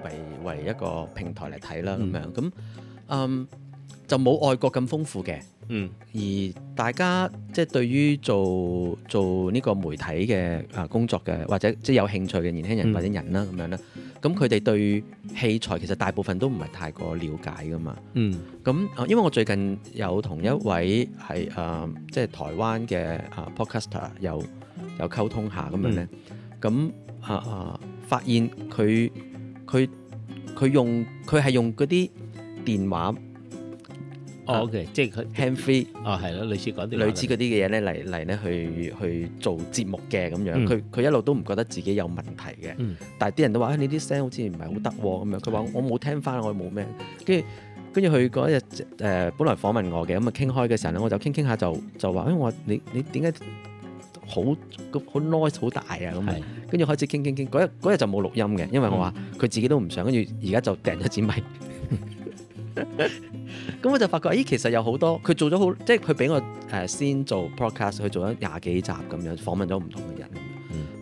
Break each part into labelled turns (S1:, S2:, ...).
S1: 為為一個平台嚟睇啦，咁樣咁，嗯，就冇外國咁豐富嘅，嗯，而大家即係、就是、對於做做呢個媒體嘅啊工作嘅，或者即係、就是、有興趣嘅年輕人或者人啦，咁、嗯、樣啦，咁佢哋對器材其實大部分都唔係太過了解㗎嘛，嗯，咁啊，因為我最近有同一位係啊，即、呃、係、就是、台灣嘅啊 Podcaster 有有溝通下咁樣咧，咁啊啊發現佢。佢佢用佢係用嗰啲電話，哦、oh，OK，即係佢 handfree，哦，係、oh、咯、yeah，類似嗰啲類、類似嗰啲嘅嘢咧嚟嚟咧去去做節目嘅咁樣，佢佢、mm. 一路都唔覺得自己有問題嘅，mm. 但係啲人都話，哎，你啲聲好似唔係好得喎，咁樣。佢話我冇聽翻，我冇咩，跟住跟住佢嗰日誒本來訪問我嘅，咁啊傾開嘅時候咧，我就傾傾下就就話，哎，我你你點解？好好 noise 好大啊咁，跟住的開始傾傾傾嗰日嗰日就冇錄音嘅，因為我話佢自己都唔想，跟住而家就掟咗支咪。咁 我就發覺咦、哎，其實有好多佢做咗好，即係佢俾我誒、呃、先做 podcast，去做咗廿幾集咁樣訪問咗唔同嘅人。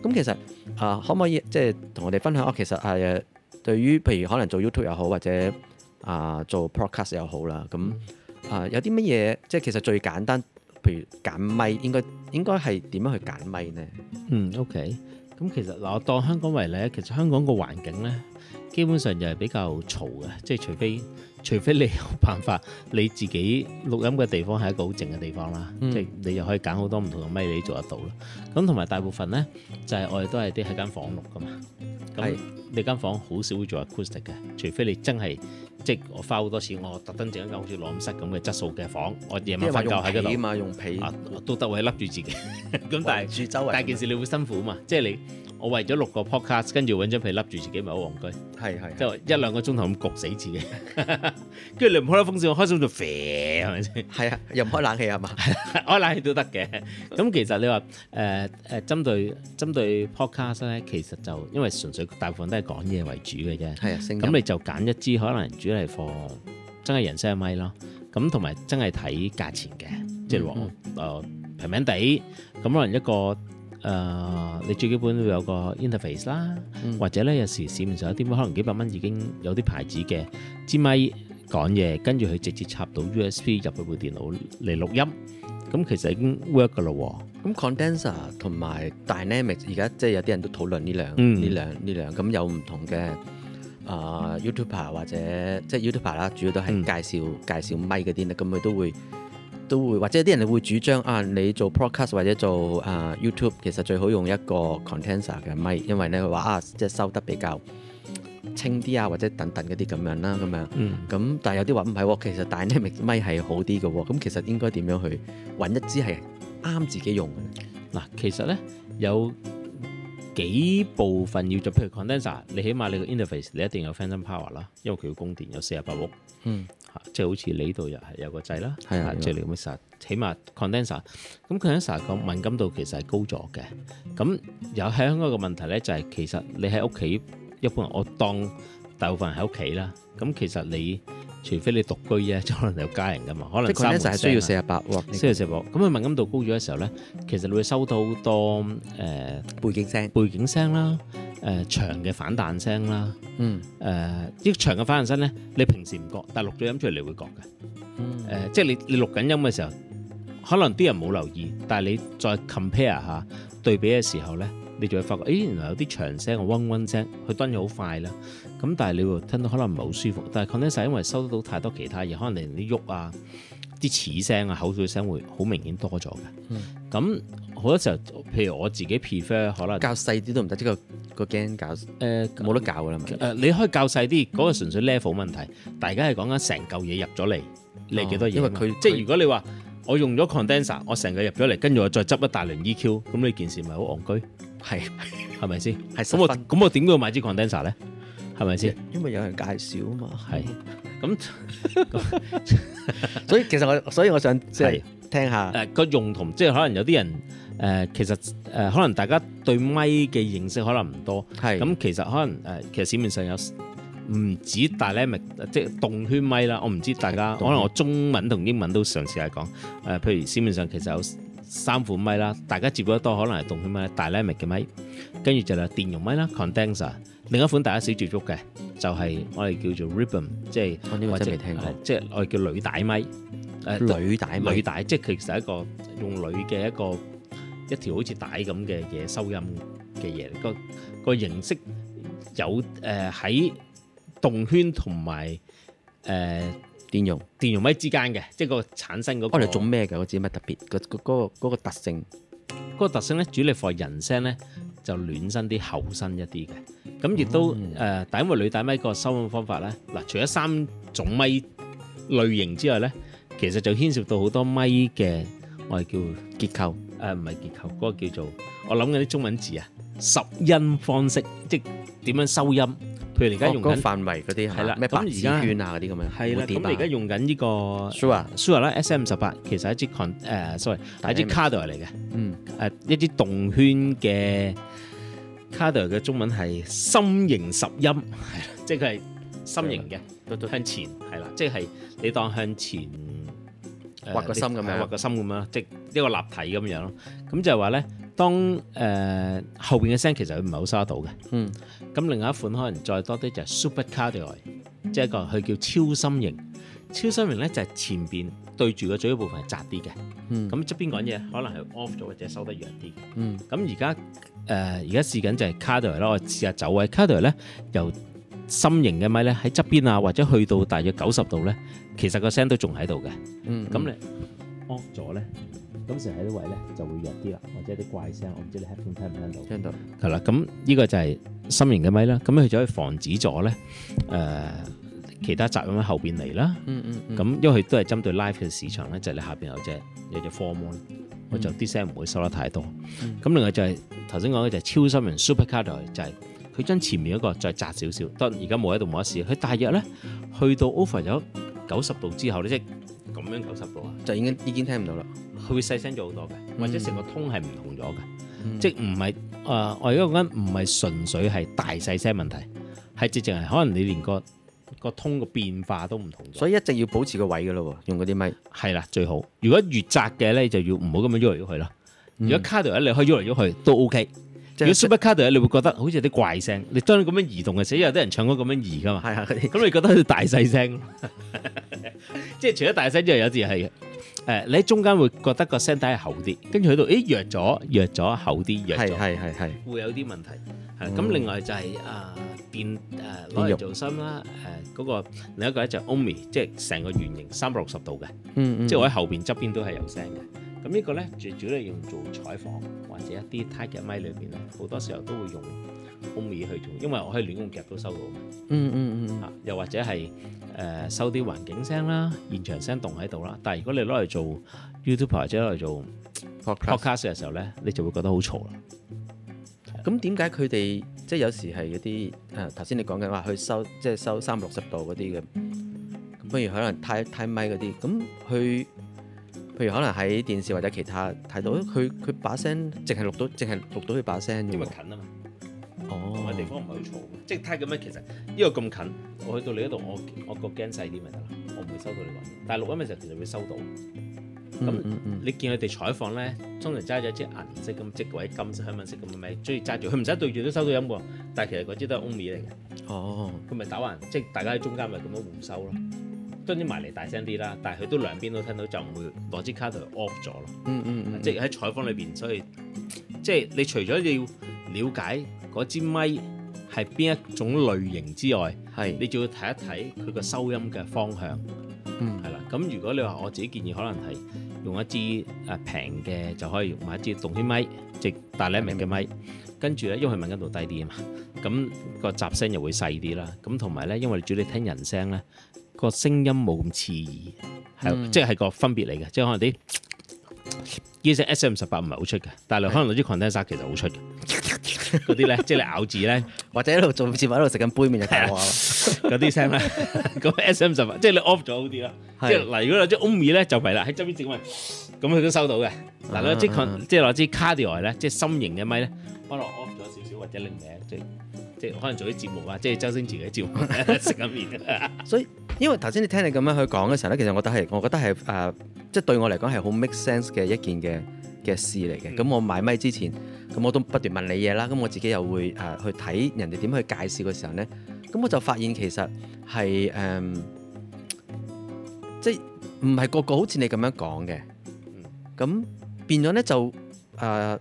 S1: 咁、嗯、其實啊、呃，可唔可以即係同我哋分享啊、哦？其實誒、呃、對於譬如可能做 YouTube 又好，或者啊、呃、做 podcast 又好啦，咁啊、呃、有啲乜嘢即係其實最簡單。譬如揀咪應該應該係點樣去揀咪呢？嗯，OK。咁其實我當香港為例，其實香港個環境呢，基本上就係比較
S2: 嘈嘅，即係除非除非你有辦法你自己錄音嘅地方係一個好靜嘅地方啦，即係你又可以揀好多唔同嘅咪你做得到啦。咁同埋大部分呢就係我哋都係啲喺間房錄㗎嘛，咁你間房好少會做 acoustic 嘅，除非你真係。即我花好多錢，我特登整一間好似朗室咁嘅質素嘅房，我夜晚瞓覺喺度。起碼用被、啊、都得，可以笠住自己。咁 但係是，住周圍但件事你會辛苦啊嘛？即係你我為咗錄個 podcast，跟住揾張被笠住自己咪好戇居。係係，即係一兩是個鐘頭咁焗死自己。跟 住你唔開風扇，我開扇就煩係咪先？係啊，又唔開冷氣 啊嘛？開冷氣都得嘅。咁 其實你話誒誒，針、呃、對針對 podcast 咧，其實就因為純粹大部分都係講嘢為主嘅啫。係咁、啊、你就揀一支可能人主。都放真係人聲嘅咪咯，咁同埋真係睇價錢嘅，即係話平平地，咁可能一個誒、呃、你最基本會有個 interface 啦、mm，hmm. 或者咧有時市面上有啲可能幾百蚊已經有啲牌子嘅支咪講嘢，跟住佢直接插到 USB 入去部電腦嚟錄
S1: 音，咁其實已經 work 噶咯喎。咁 condenser 同埋 dynamic 而家即係有啲人都討論呢兩呢兩呢兩，咁、mm hmm. 有唔同嘅。啊、uh，YouTuber 或者即係 YouTuber 啦，主要都係介紹介紹咪嗰啲咧，咁佢、嗯、都會都會或者啲人會主張啊，你做 Podcast 或者做啊 YouTube，其實最好用一個 condenser 嘅咪，因為咧佢話啊，即係收得比較清啲啊，或者等等嗰啲咁樣啦，咁樣，咁、嗯、但係有啲話唔係喎，其實 Dynamic 咪係好啲嘅喎，咁其實應該點樣去揾一支係啱自己用嘅？嗱，其實咧有。
S2: 幾部分要做，譬如 condenser，你起碼你個 interface 你一定有 phantom power 啦，因為佢要供電有四十八伏，嗯，嚇的，即係好似你度又係有個掣啦，係啊，即係你 condenser 起碼 condenser，咁 condenser 個敏感度其實係高咗嘅，咁有喺香港個問題咧就係、是、其實你喺屋企，一般我當大部分人喺屋企啦，咁其實你。除非你獨居啫，可能有家人噶嘛，可能三個人需要四十八、啊，需要四啊五。咁佢敏感度高咗嘅時候咧，其實你會收到好多誒、呃、背景聲、背景聲啦，誒、呃、長嘅反彈聲啦。嗯。誒、呃，啲長嘅反彈聲咧，你平時唔覺，但錄咗音出嚟你會覺嘅。嗯。呃、即係你你錄緊音嘅時候，可能啲人冇留意，但係你再 compare 下對比嘅時候咧，你就會發覺，咦、哎，原來有啲長聲、嗡嗡聲，佢蹲住好快啦。咁但係你會聽到可能唔係好舒服，但係 condenser 因為收到太多其他嘢，可能你啲喐啊、啲齒聲啊、口水聲會好明顯多咗嘅。咁好、嗯、多時候，譬如我自己 prefer 可能較細啲都唔得，即、這、係個、這個 game 冇得較㗎啦，你可以較細啲，嗰、嗯、個純粹 level 問題。大家係講緊成嚿嘢入咗嚟，你幾多嘢、哦？因為佢即係如果你話我用咗 condenser，我成個入咗嚟，跟住我再執一大輪 EQ，咁呢件事咪好戇居，係係咪先？係 咁十分 我咁 我點解要買支 condenser 咧？係咪先？因為有人介紹啊嘛。係。咁， 所以其實我，所以我想即係聽下。誒個、呃、用途。即係可能有啲人誒、呃，其實誒、呃、可能大家對咪嘅認識可能唔多。係是。咁、嗯、其實可能誒、呃，其實市面上有唔止 dynamic，即係動圈咪啦。我唔知大家可能我中文同英文都嘗試嚟講。誒、呃，譬如市面上其實有三款咪啦，大家接得多可能係動圈咪啦，dynamic 嘅咪。跟住就係電容咪啦，condenser。Condenser, 另一款大家少接觸嘅就係我哋叫做 ribbon，即係我真係未聽過。即係、就是、我哋叫鋁帶咪。呃。誒鋁帶咪，鋁帶即係其實係一個用鋁嘅一個一條好似帶咁嘅嘢收音嘅嘢。個、那個形式有誒喺、呃、動圈同埋誒電容，電容咪之間嘅，即、就、係、是、個產生嗰、那個係做咩嘅，嗰支咩特別？嗰、那、嗰、個那個那個特性，嗰、那個特性咧主力 for 人聲咧。就暖身啲厚身一啲嘅，咁亦都誒因為女大咪個收音方法咧。嗱，除咗三種咪類型之外咧，其實就牽涉到好多咪嘅我哋叫結構誒唔係結構，嗰個叫做我諗緊啲中文字啊，拾音方式，即係點樣收音。佢而家用緊、哦那個、範圍嗰啲係啦，咩了白子圈啊嗰啲咁樣。係啦了，咁你而家用緊呢、這個 Shure，Shure 啦，S M 十八其實一支 Con 誒，sorry，係一支 c a r d 嚟嘅。嗯，誒、啊、一啲動圈嘅 c a r d 嘅中文係心形拾音，係即係佢係心形嘅，了向前係啦，即係、就是、你當向前畫、uh, 個心咁樣，畫個心咁樣，即係、就是、一個立體咁樣咯。咁就係話咧。當誒、呃、後邊嘅聲其實佢唔係好收得到嘅，嗯，咁另外一款可能再多啲就係 Super Cardioid、嗯、即係一個佢叫超心型，超心型咧就係前邊對住個嘴部分係窄啲嘅，咁側、嗯、邊講嘢可能係 off 咗或者收得弱啲，嗯，咁而家誒而家試緊就係 Cardioid 啦，我試下走位 Cardioid 咧由心型嘅咪咧喺側邊啊或者去到大約九十度咧，其實個聲都仲喺度嘅，嗯，嗯，咁你 off 咗咧？咁成日喺啲位咧就會弱啲啦，或者啲怪聲，我唔知你聽唔聽唔聽到。聽到。係啦，咁呢個就係心形嘅咪啦，咁佢就可以防止咗咧誒其他雜音喺後邊嚟啦。嗯嗯。咁因為都係針對 live 嘅市場咧，就係你下邊有隻有隻 form one，我就啲聲唔會收得太多。咁另外就係頭先講嘅就係超心形 supercardioid，就係佢將前面嗰個再窄少少。得而家冇喺度冇得試。佢大約咧去到 over 咗九十度之後咧，即係咁樣九十度啊，就已經已經聽唔到啦。佢會細聲咗好多嘅，或者成個通係唔同咗嘅，嗯、即係唔係誒？我而家講緊唔係純粹係大細聲問題，係直情係可能你連個個通個變化都唔同咗。所以一直要保持個位嘅咯喎，用嗰啲咪係啦最好。如果越窄嘅咧，就要唔好咁樣喐嚟喐去咯。嗯、如果 cardio 你可以喐嚟喐去都 OK 是。如果 super cardio 你會覺得好似啲怪聲。你當你咁樣移動嘅時候有啲人唱歌咁樣移噶嘛。係咁的你覺得好大細聲？ 即係除咗大聲之外，有時係誒，你喺中間會覺得個聲底係厚啲，跟住喺度，咦弱咗，弱咗，厚啲，弱咗，係係係係會有啲問題。
S1: 咁、嗯、另外
S2: 就係、係、啊、呃、電誒攞嚟做心啦，誒嗰電肉、嗰個另一個咧就 Omni，即係成個圓形三百六十度嘅，嗯嗯即係我喺後邊側邊都係有聲嘅。咁呢個咧最主要係用做採訪或者一啲 target mic 裏邊咧，好多時候都會用。空位去做，因為我可以亂用夾都收到嗯。嗯嗯嗯又或者係誒、呃、收啲環境聲啦、現場聲棟喺度啦。但係如果你攞嚟做
S1: YouTube 或者攞嚟做 podcast 嘅時候咧，Podcast
S2: 你就會覺得好嘈啦。
S1: 咁點解佢哋即係有時係嗰啲誒頭先你講緊話去收，即係收三百六十度嗰啲嘅咁，不如可能太太咪嗰啲咁佢，譬如可能喺電視或者其他睇到佢佢、嗯、把聲淨係錄到，淨係錄到佢把聲，因為近啊嘛。哦，同埋地方
S2: 唔係好嘈，即係睇咁樣，其實呢個咁近，我去到你嗰度，我我個驚細啲咪得啦，我唔會收到你、這個、但錄音嘅時候，其實就會收到，咁、嗯嗯嗯、你見佢哋採訪咧，通常揸咗即係銀色咁、即位金色、香檳色咁，咪中意揸住，佢唔使對住都收到音喎。但係其實嗰支都係 Omni 嚟嘅，哦，佢咪打橫，即係大家喺中間咪咁樣互收咯，將啲埋嚟大聲啲啦。但係佢都兩邊都聽到，就唔會攞支卡就 off 咗咯。嗯嗯嗯
S1: 嗯即係
S2: 喺採訪裏邊，所以即係你除咗要了解。嗰支咪係邊一種類型之外，係是你仲要睇一睇佢個收音嘅方向，嗯，係啦。咁如果你話我自己建議，可能係用一支誒平嘅就可以用買一支動圈咪，即、就是、大兩 m i 嘅咪。嗯、跟住咧，因為敏感度低啲啊嘛，咁、那個雜聲又會細啲啦。咁同埋咧，因為你主要你聽人聲咧，那個聲音冇咁刺耳，係、嗯、即係個分別嚟嘅，即係可能啲。依隻 S M 十八唔係好出嘅，但係可能攞支 Condenser 其實好出嘅，嗰啲咧，即係、就是、你咬字咧，或者一路做節目，一路食緊杯麵就得喎，有啲聲咧。咁 S M 十八即係你 off 咗好啲咯，即係嗱，如果攞支 Omni 咧就弊啦，喺周邊整位咁佢都收到嘅。嗱，嗰啲即係攞支 Cardio 咧，即係心形嘅咪咧，幫我 off 咗少少或者你唔一最。即可能做啲節目啊，即、就、係、是、周星馳嘅節目食緊麵。
S1: 所以因為頭先你聽你咁樣去講嘅時候咧，其實我都係，我覺得係誒，即、呃、係、就是、對我嚟講係好 make sense 嘅一件嘅嘅事嚟嘅。咁、嗯、我買咪之前，咁我都不斷問你嘢啦。咁我自己又會誒、呃、去睇人哋點去介紹嘅時候咧，咁我就發現其實係誒、呃，即係唔係個個好似你咁樣講嘅。咁、嗯、變咗咧就誒、呃，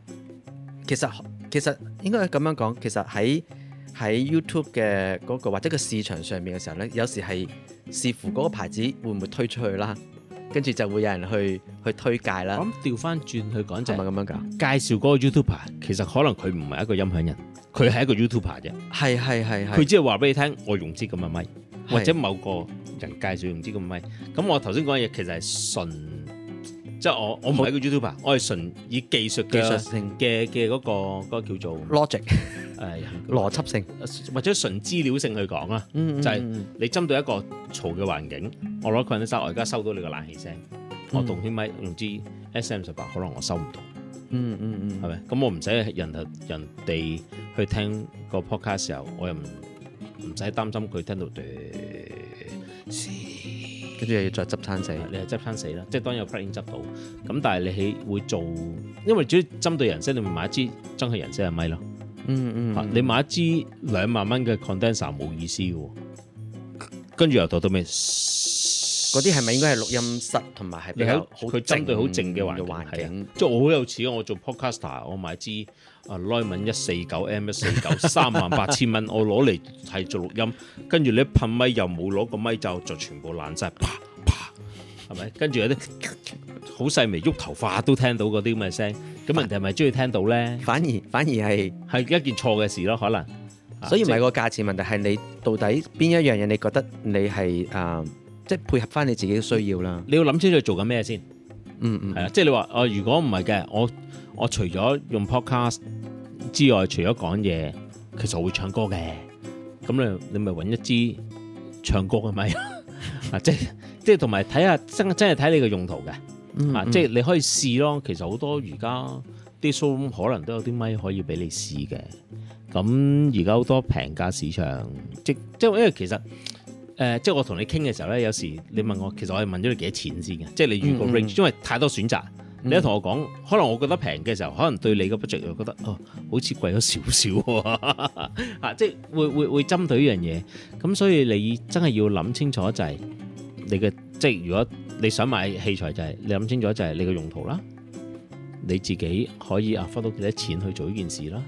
S1: 其實其實應該咁樣講，其實喺。喺 YouTube 嘅嗰個，或者個市場上面嘅時候呢，有時係視乎嗰個牌子會唔會推出去啦，跟住就會有人去去推介啦。咁調翻轉去講就咪咁樣講，介紹嗰個 YouTuber 其實可能佢唔係一個音響
S2: 人，佢係一個 YouTuber 啫。係係係，佢只係話俾你聽，我用支咁嘅咪，或者某個人介紹用支咁嘅咪。是」咁我頭先講嘅嘢其實係純。即係我我唔係個 YouTuber，我係純以技術嘅技術性嘅嘅嗰個嗰個叫做 logic，係邏輯性或者純資料性去講啦。就係你針對一個嘈嘅環境，我攞個 microphone，我而家收到你個冷氣聲。我動圈咪唔知 SM 十八，可能我收唔到。嗯嗯
S1: 嗯，
S2: 係咪？咁我唔使人哋人哋去聽個 podcast 嘅時候，我又唔唔使擔心佢聽到對。跟住又要再執餐死，你係執餐死啦。即係當有 plan 執到，咁但係你係會做，因為主要針對人聲，你咪買一支針對人聲嘅咪咯。嗯嗯，你買一支兩、嗯嗯、萬蚊嘅 condenser 冇意思嘅。跟住又到到咩？嗰啲係咪應該係錄音室同埋係比較好靜嘅環境？境即係我好有錢，我做 podcaster，我買支。啊，耐蚊一四九 M S 四九三萬八千蚊，我攞嚟係做錄音，跟住你一噴咪又冇攞個咪罩，就全部爛晒。啪啪，係咪？跟住有啲好細微喐
S1: 頭髮都聽到嗰啲咁嘅聲，咁人哋係咪中意聽到咧？反而反而係係一件錯嘅事咯，可能。所以唔係個價錢問題，係你到底邊一樣嘢你覺得你係啊，即、呃、係、就是、配合翻你自己嘅需要啦。你要諗清楚做緊咩先？嗯嗯是，係、
S2: 就、啊、是，即係你話哦，如果唔係嘅，我。我除咗用 podcast 之外，除咗講嘢，其實我會唱歌嘅。咁咧，你咪搵一支唱歌嘅咪 啊！即即同埋睇下真真係睇你嘅用途嘅、嗯、啊！即你可以試咯。其實好多而家啲 show 可能都有啲咪可以俾你試嘅。咁而家好多平價市場，即即因為其實誒、呃、即我同你傾嘅時候咧，有時你問我，其實我係問咗你幾多錢先嘅？即你如果 range，、嗯、因為太多選擇。你同我講，可能我覺得平嘅時候，可能對你嘅 budget 又覺得，哦，好似貴咗少少喎，即係會會會針對依樣嘢。咁所以你真係要諗清楚就係你嘅，即係如果你想買器材就係、是、你諗清楚就係你嘅用途啦。你自己可以花到幾多錢去做呢件事啦。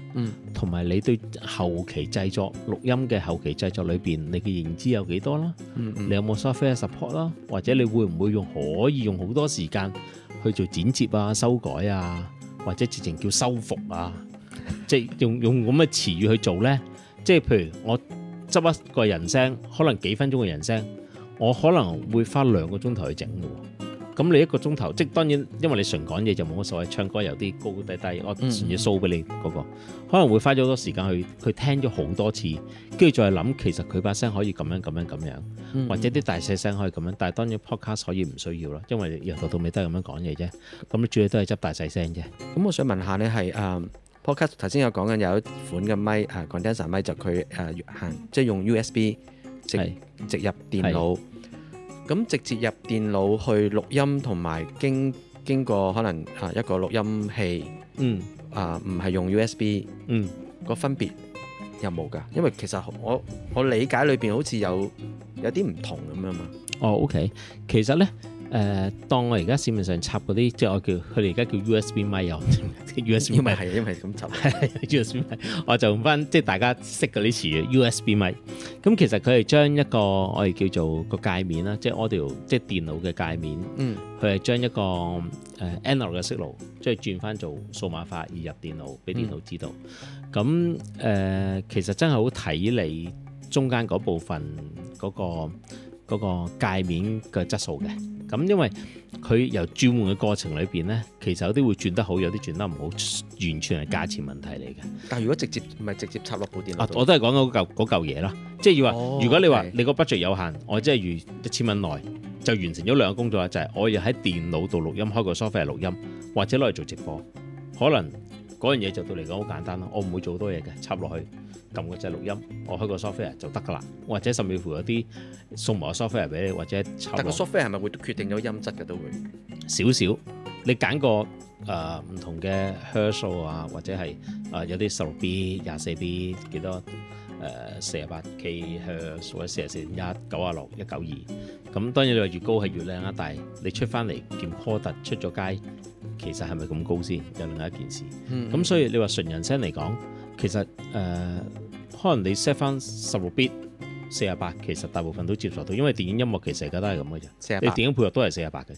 S2: 同埋、嗯、你對後期製作錄音嘅後期製作裏邊，你嘅認知有幾多啦？嗯、你有冇 software、er、support 啦？或者你會唔會用可以用好多時間？去做剪接啊、修改啊，或者直情叫修復啊，即係用用咁嘅詞語去做咧。即係譬如我執一個人聲，可能幾分鐘嘅人聲，我可能會花兩個鐘頭去整嘅。咁你一個鐘頭，即當然，因為你純講嘢就冇乜所謂。唱歌有啲高低低，我純要 show 俾你嗰、那個，嗯嗯、可能會花咗好多時間去，佢聽咗好多次，跟住再諗，其實佢把聲可以咁樣咁樣咁樣，或者啲大細聲可以咁樣。但係當然 podcast 可以唔需要咯，因為由頭到尾都係咁樣講嘢啫。
S1: 咁你主要都係執大細聲啫。咁我想問下你係誒、uh, podcast 頭先有講緊有一款嘅咪誒、uh, condenser 咪，就佢誒、uh, 行即用 USB 直，是直入電腦。咁直接入電腦去錄音，同埋經經過可能啊一個錄音器，嗯啊唔係用 USB，嗯 個分別有冇㗎？因為其實我我理解裏邊好似有有啲唔同咁樣嘛。
S2: 哦，oh, OK，其實呢。誒、呃，當我而家市面上插嗰啲，即係我叫佢哋而家叫 USB mic, USB 麥有，USB 麥係因為咁插 ，USB 麥，我就用翻即係大家識嘅呢詞，USB 麥。咁其實佢係將一個我哋叫做個界面啦，即係 audio，即係電腦嘅界面，佢係、嗯、將一個誒 analog 嘅色路，即係轉翻做數碼化而入電腦，俾電腦知道。咁誒、嗯呃，其實真係好睇你中間嗰部分嗰、那個。嗰個界面嘅質素嘅，咁因為佢由轉換嘅過程裏邊呢，其實有啲會轉得好，有啲轉得唔好，完全係價錢問題嚟嘅。但係如果直接
S1: 唔係直接插落部電腦，啊，我都
S2: 係講嗰嚿嗰嚿嘢咯，即係要話、oh, okay. 如果你話你個 budget 有限，我即係預一千蚊內就完成咗兩個工作啦，就係、是、我要喺電腦度錄音，開個 software 錄音，或者攞嚟做直播，可能。嗰樣嘢就對嚟講好簡單咯，我唔會做好多嘢嘅，插落去撳個掣錄音，我開個 software 就得㗎啦，或者甚至乎有啲送埋個 software 俾你或者插去。但個 software
S1: 係咪會決定咗音質嘅都會
S2: 少少，你揀個誒唔同嘅 Hertz 數啊，或者係誒、呃、有啲十六 b, b、廿四 b 幾多誒四十八 k Hertz 數啊，四十四點一、九六、一九二，咁、嗯、當然你話越高係越靚啊，但係你出翻嚟見 product 出咗街。其實係咪咁高先？又另外一件事。咁、嗯、所以你話純人聲嚟講，其實誒、呃，可能你 set 翻十六 bit 四廿八，其實大部分都接受到，因為電影音樂其實而家都係咁嘅啫。48? 你電影配樂都係四廿八嘅，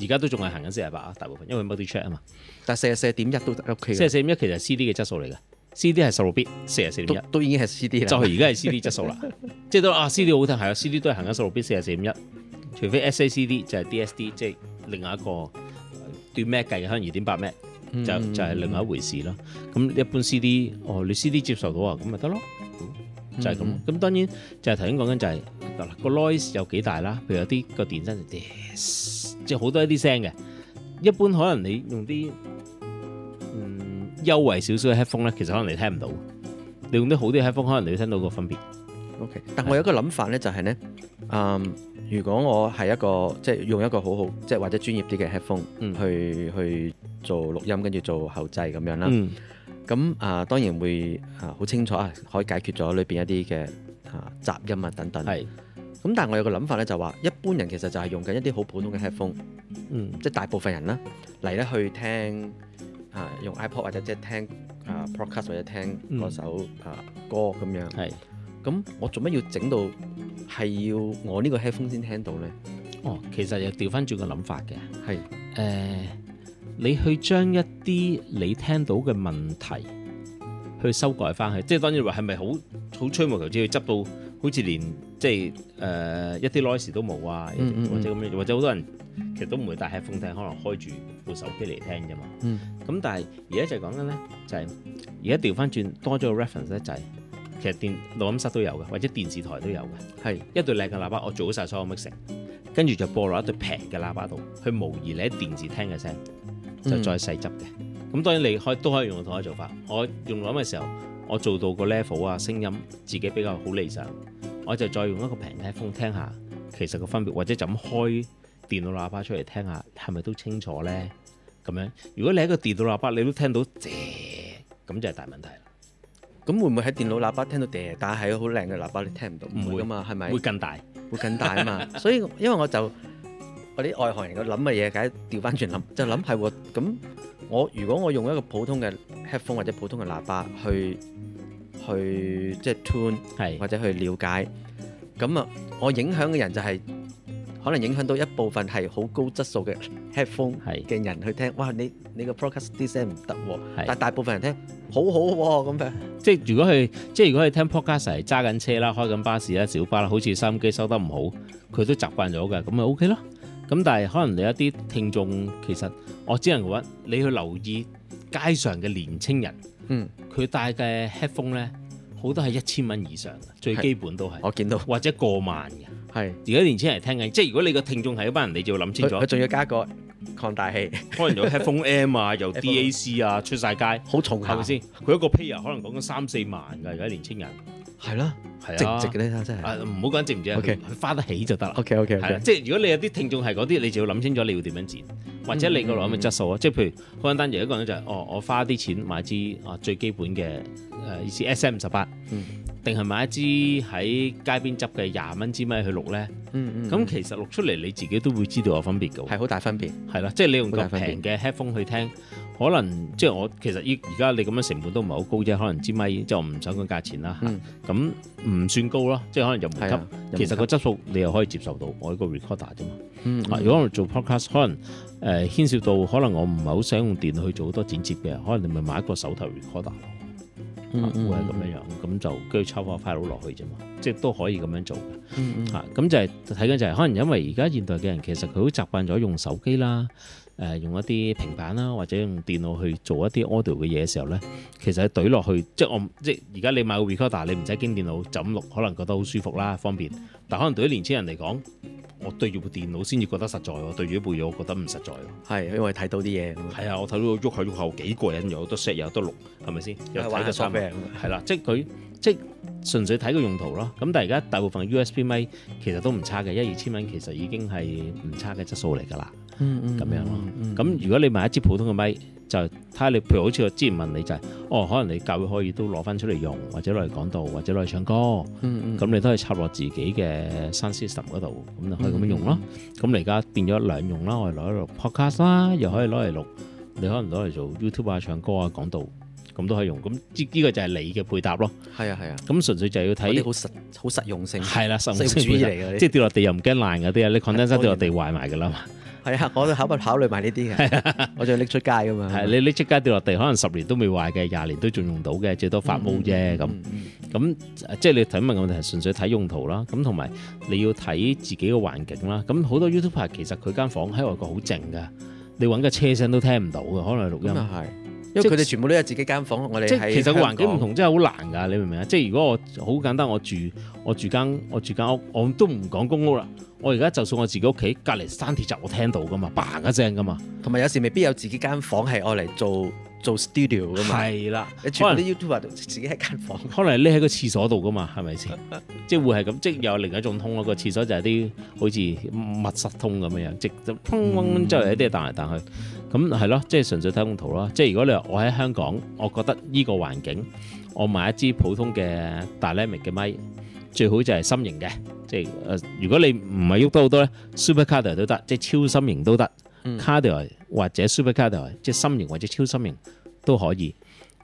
S2: 而家都仲係行緊四廿八啊，大部分，因為 multi track 啊嘛。但係四廿四點一都得。四廿四點一其實 CD 嘅質素嚟嘅，CD 係十六 bit 四十四點一，都已經係 CD，就係而家係 CD 質素啦。 即係都話啊 ，CD 好聽，係啊，CD 都係行緊十六 bit 四十四點一，除非 SACD 就係 DSD，即係另外一個。對咩計啊？可能二點八咩就就係另外一回事咯。咁一般 C D 哦，你 C D 接受到啊，咁咪得咯，
S1: 就係咁。
S2: 咁當然就係頭先講緊就係嗱個 noise 有幾大啦。譬如有啲個電聲即係好多一啲聲嘅，一般可能你用啲嗯優惠少少嘅 headphone 咧，其實可能你聽唔到。
S1: 你用啲好啲 headphone，可能你會聽到個分別。O K，但係我有個諗法咧，就係咧，嗯。如果我係一個即係用一個好好即係或者專業啲嘅 headphone 去去做錄音，跟住做後製咁樣啦，咁啊、嗯呃、當然會啊好清楚啊，可以解決咗裏邊一啲嘅啊雜音啊等等。係是。咁但係我有個諗法咧，就話、是、一般人其實就係用緊一啲好普通嘅 headphone，、嗯、即係大部分人啦嚟咧去聽啊用 iPod 或者即係聽啊 podcast 或者聽嗰首、嗯、啊歌咁樣。係。咁我做乜要整到係要我呢個 headphone 先聽到咧？哦，其實又調翻轉個諗法嘅。
S2: 係誒是、呃，你去將一啲你聽到嘅問題去修改翻去，即係當然話係咪好好吹毛求疵去執到好似連即係誒一啲 noise 都冇啊？或者咁、呃啊嗯、樣，或者好多人其實都唔會戴 headphone 聽，可能開住部手機嚟聽啫嘛。咁、嗯、但係而家就講緊咧，就係而家調翻轉多咗個 reference 咧，就係、是。其實電錄音室都有嘅，或者電視台都有嘅，係是一對靚嘅喇叭，我做好曬所有 mix，跟住就播落一對平嘅喇叭度，去模擬你喺電視聽嘅聲，就再細執嘅。咁、嗯、當然你可都可以用我同一做法，我用錄音嘅時候，我做到個 level 啊聲音自己比較好理想，我就再用一個平嘅 phone 聽一下，其實個分別或者就咁開電腦喇叭出嚟聽一下，係咪都清楚呢？
S1: 咁樣如果你喺個電腦喇叭你都聽到啫，咁就係大問題了。咁會唔會喺電腦喇叭聽到？嗲？但係好靚嘅喇叭你聽唔到，唔會㗎嘛，係咪？會更大，會更大啊嘛！ 所以因為我就我啲外行人嘅諗嘅嘢，咁掉翻轉諗，就諗係喎。咁我如果我用一個普通嘅 headphone 或者普通嘅喇叭去去即係 tune，係或者去了解，咁啊我影響嘅人就係、是。可能影響到一部分係好高質素嘅 headphone 嘅是人去聽，哇！你你個 podcast 啲聲唔得喎，是但大部分人聽好好喎咁樣。即
S2: 係如果係，即係如果係聽 podcast 係揸緊車啦、開緊巴士啦、小巴啦，好似收音機收得唔好，佢都習慣咗嘅，咁咪 O K 咯。咁但係可能有一啲聽眾其實我，我只能講你去留意街上嘅年輕人，嗯，佢戴嘅 headphone 咧，好多係一千蚊以上嘅，最基本都係我見到，或者過萬嘅。係而家年輕人聽緊，即係如果你個聽眾係一班人，你就要諗清楚。佢仲要加個擴大器，可能有 headphone amp 啊，又 DAC 啊，出晒街，好重係咪先？佢一個 pair 可能講緊三四萬㗎。而家年輕人係啦，值唔值㗎咧？真係。唔好講值唔值 O K，佢花得起
S1: 就得啦。O K O K。係啦，即
S2: 係如果你有啲聽眾係嗰啲，你就要諗清楚你要點樣剪，或者你個攞嘅質素啊。即係譬如好簡單，而一個咧就係哦，我花啲錢買支啊最基本嘅誒，意思 S M 58。定係買一支喺街邊執嘅廿蚊支咪去錄呢？咁、嗯嗯嗯、其實錄出嚟你自己都會知道有分別嘅喎、嗯嗯嗯。係好大分別。係啦，即係你用咁平嘅 headphone 去聽，可能即係我其實而家你咁樣成本都唔係好高啫。可能支咪就唔想講價錢啦，咁唔算高咯，即係可能入門級。其實個質素你又可以接受到。我一個 recorder 啫嘛。嗯嗯嗯，如果我做 podcast，可能誒、呃、牽涉到可能我唔係好想用電腦去做好多剪接嘅，可能你咪買一個手提 recorder。會係咁樣樣，咁、嗯嗯嗯嗯、就跟住抽翻 file 落去啫嘛，即係都可以咁樣做嘅。嚇、嗯嗯嗯，咁就係睇緊就係，可能因為而家現代嘅人其實佢好習慣咗用手機啦，誒用一啲平板啦，或者用電腦去做一啲 audio 嘅嘢嘅時候咧，其實喺懟落去，即係我即係而家你買個 recorder，你唔使經電腦就咁錄，可能覺得好舒服啦，方便。但可能對於年青人嚟講，我對住部電腦先至覺得實在喎，我對住部嘢我覺得唔實在喎。係因為睇到啲嘢。係啊，我睇到喐下喐下幾個人又有得錫又有得錄，係咪先？有睇個 screen 係啦，即係佢即係純粹睇個用途咯。咁但係而家大部分 USB 咪其實都唔差嘅，一二千蚊其實已經係唔差嘅質素嚟㗎啦。嗯咁樣咯。咁、嗯、如果你買一支普通嘅咪，就睇下你譬如好似我之前問你就係、是，哦，可能你教會可以都攞翻出嚟用，或者攞嚟講道，或者攞嚟唱歌。嗯咁你都係插落自己嘅 sound system 嗰度，咁就可以咁樣用咯。咁你而家變咗兩用啦，我哋攞嚟錄 podcast 啦，又可以攞嚟錄，你可能攞嚟做 YouTube 啊、唱歌啊、講道，咁都可以用。咁、這、呢個就係你嘅配搭咯。係啊係啊。咁、嗯、純粹就要睇。好
S1: 實好實用性。係啦，實用主義即係掉落
S2: 地又唔驚爛嘅啲啊，你 condenser 跌落地壞埋㗎啦嘛。啊
S1: 係啊，我都考不考慮埋呢啲嘅。啊、我仲要拎出街噶嘛。係、啊啊、你
S2: 拎出街掉落地，可能十年都未壞嘅，廿年都仲用到嘅，最多發毛啫咁。咁即係你提問嘅問題係純粹睇用途啦。咁同埋你要睇自己嘅環境啦。咁好多 YouTuber 其實佢間房喺外國好靜嘅，你揾個車聲都聽唔到嘅，可能係錄音。咁、嗯就係、因為佢哋全
S1: 部都有自己間房。是我哋即係其實環境唔同
S2: 真係好難㗎，你明唔明啊？即係如果我好簡單，我住我住間我住間屋，我都唔講公屋
S1: 啦。我而家就算我自己屋企隔離山鐵就我聽到噶嘛 b a 一聲噶嘛，同埋有時未必有自己間房係愛嚟做做 studio 噶嘛。係啦，可能啲 YouTube 啊，自己喺間房。
S2: 可能匿喺個廁所度噶嘛，係咪先？即係會係咁，即係有另一種通咯。個廁所就係啲好似密室通咁樣樣，即就嗡嗡嗡之後有啲嘢彈嚟彈去。咁係咯，即係純粹睇風圖咯。即係如果你話我喺香港，我覺得依個環境，我買一支普通嘅 Dynamic 嘅咪。最好就係心型嘅，即係誒、呃。如果你唔係喐得好多咧、嗯、Super Cardi 都得，即係超心型都得。Cardi 或者 Super Cardi，即係心型或者超心型都可以。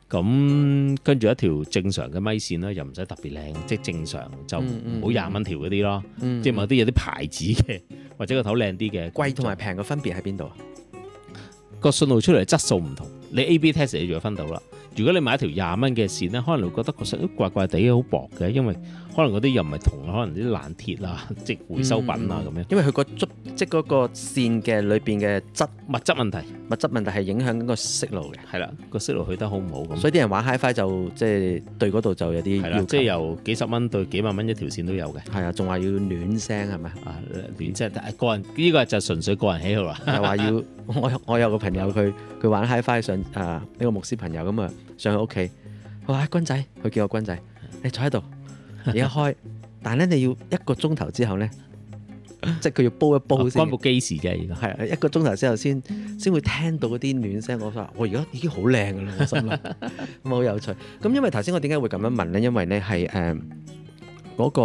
S2: 咁跟住一條正常嘅咪線啦，又唔使特別靚，即係正常就唔好廿蚊條嗰啲咯。嗯嗯，即係某啲有啲牌子嘅，或者個頭靚啲嘅。貴同埋平嘅分別喺邊度啊？嗯、個信號出嚟質素唔同，你 A B Test 你就要分到啦。如果你買一條廿蚊嘅線咧，可能你會覺得個信都怪怪地，好薄嘅，因為，可能嗰啲又唔係銅，可能啲爛鐵啊，即回收品啊咁、嗯、樣。因
S1: 為佢、嗰個足即係嗰個線嘅裏邊嘅質物質問題，物質問題係影響嗰個色路嘅。係啦，嗰個色路去得好唔好咁。所以啲人玩 Hi-Fi 就即係、就是、對嗰度就有啲，即係、就是、由幾十蚊到幾萬蚊一條線都有嘅。係啊，仲話要暖聲係咪啊？暖聲但係個人呢、呢個就是純粹個人喜好啦，係話要我我有個朋友佢佢玩 Hi-Fi 上啊一、呢個牧師朋友咁啊上去屋企佢話軍仔，佢叫我軍仔你坐喺度。而家 開，但係咧你要一個鐘頭之後咧， 即係佢要煲一煲先、啊，關部機時嘅，而家係一個鐘頭之後先先會聽到嗰啲暖聲。我話我而家已經好靚噶啦，我心諗，咁好 有，有趣。咁因為頭先我點解會咁樣問咧？因為咧係誒嗰個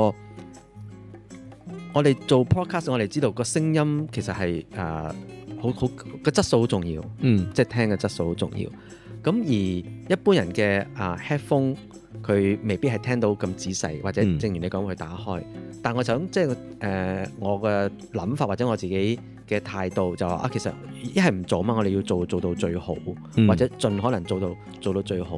S1: 我哋做 podcast，我哋知道個聲音其實係誒、呃、好好、個質素好重要，嗯，即係聽嘅質素好重要。咁而一般人嘅啊 headphone。呃 headphone, 佢未必係聽到咁仔細，或者正如你講，佢打開。嗯、但我想即係誒，我嘅諗法或者我自己嘅態度就話啊，其實一係唔做嘛，我哋要做做到最好，嗯、或者盡可能做到做到最好。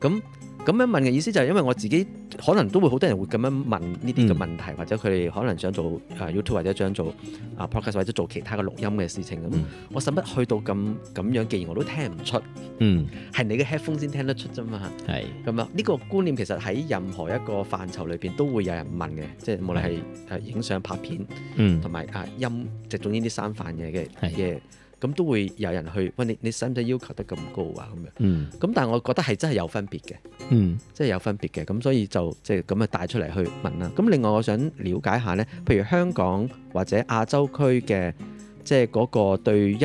S1: 咁。咁樣問嘅意思就係因為我自己可能都會好多人會咁樣問呢啲嘅問題，嗯、或者佢哋可能想做、uh, YouTube 或者想做啊 Podcast、uh, 或者做其他嘅錄音嘅事情咁，嗯、我使乜去到咁咁樣？既然我都聽唔出，嗯，係你嘅 headphone 先聽得出咋嘛？係咁啊！呢、呢個觀念其實喺任何一個範疇裏邊都會有人問嘅，即係無論係影相拍片，同埋、嗯、啊音即總之呢啲三範嘢嘅嘅咁都會有人去問你，你使唔使要求得咁高啊？咁樣，咁、嗯、但係我覺得係真係有分別嘅，即係、嗯、有分別嘅，咁所以就即係咁啊帶出嚟去問啦。咁另外我想了解下呢，譬如香港或者亞洲區嘅，即係嗰個對音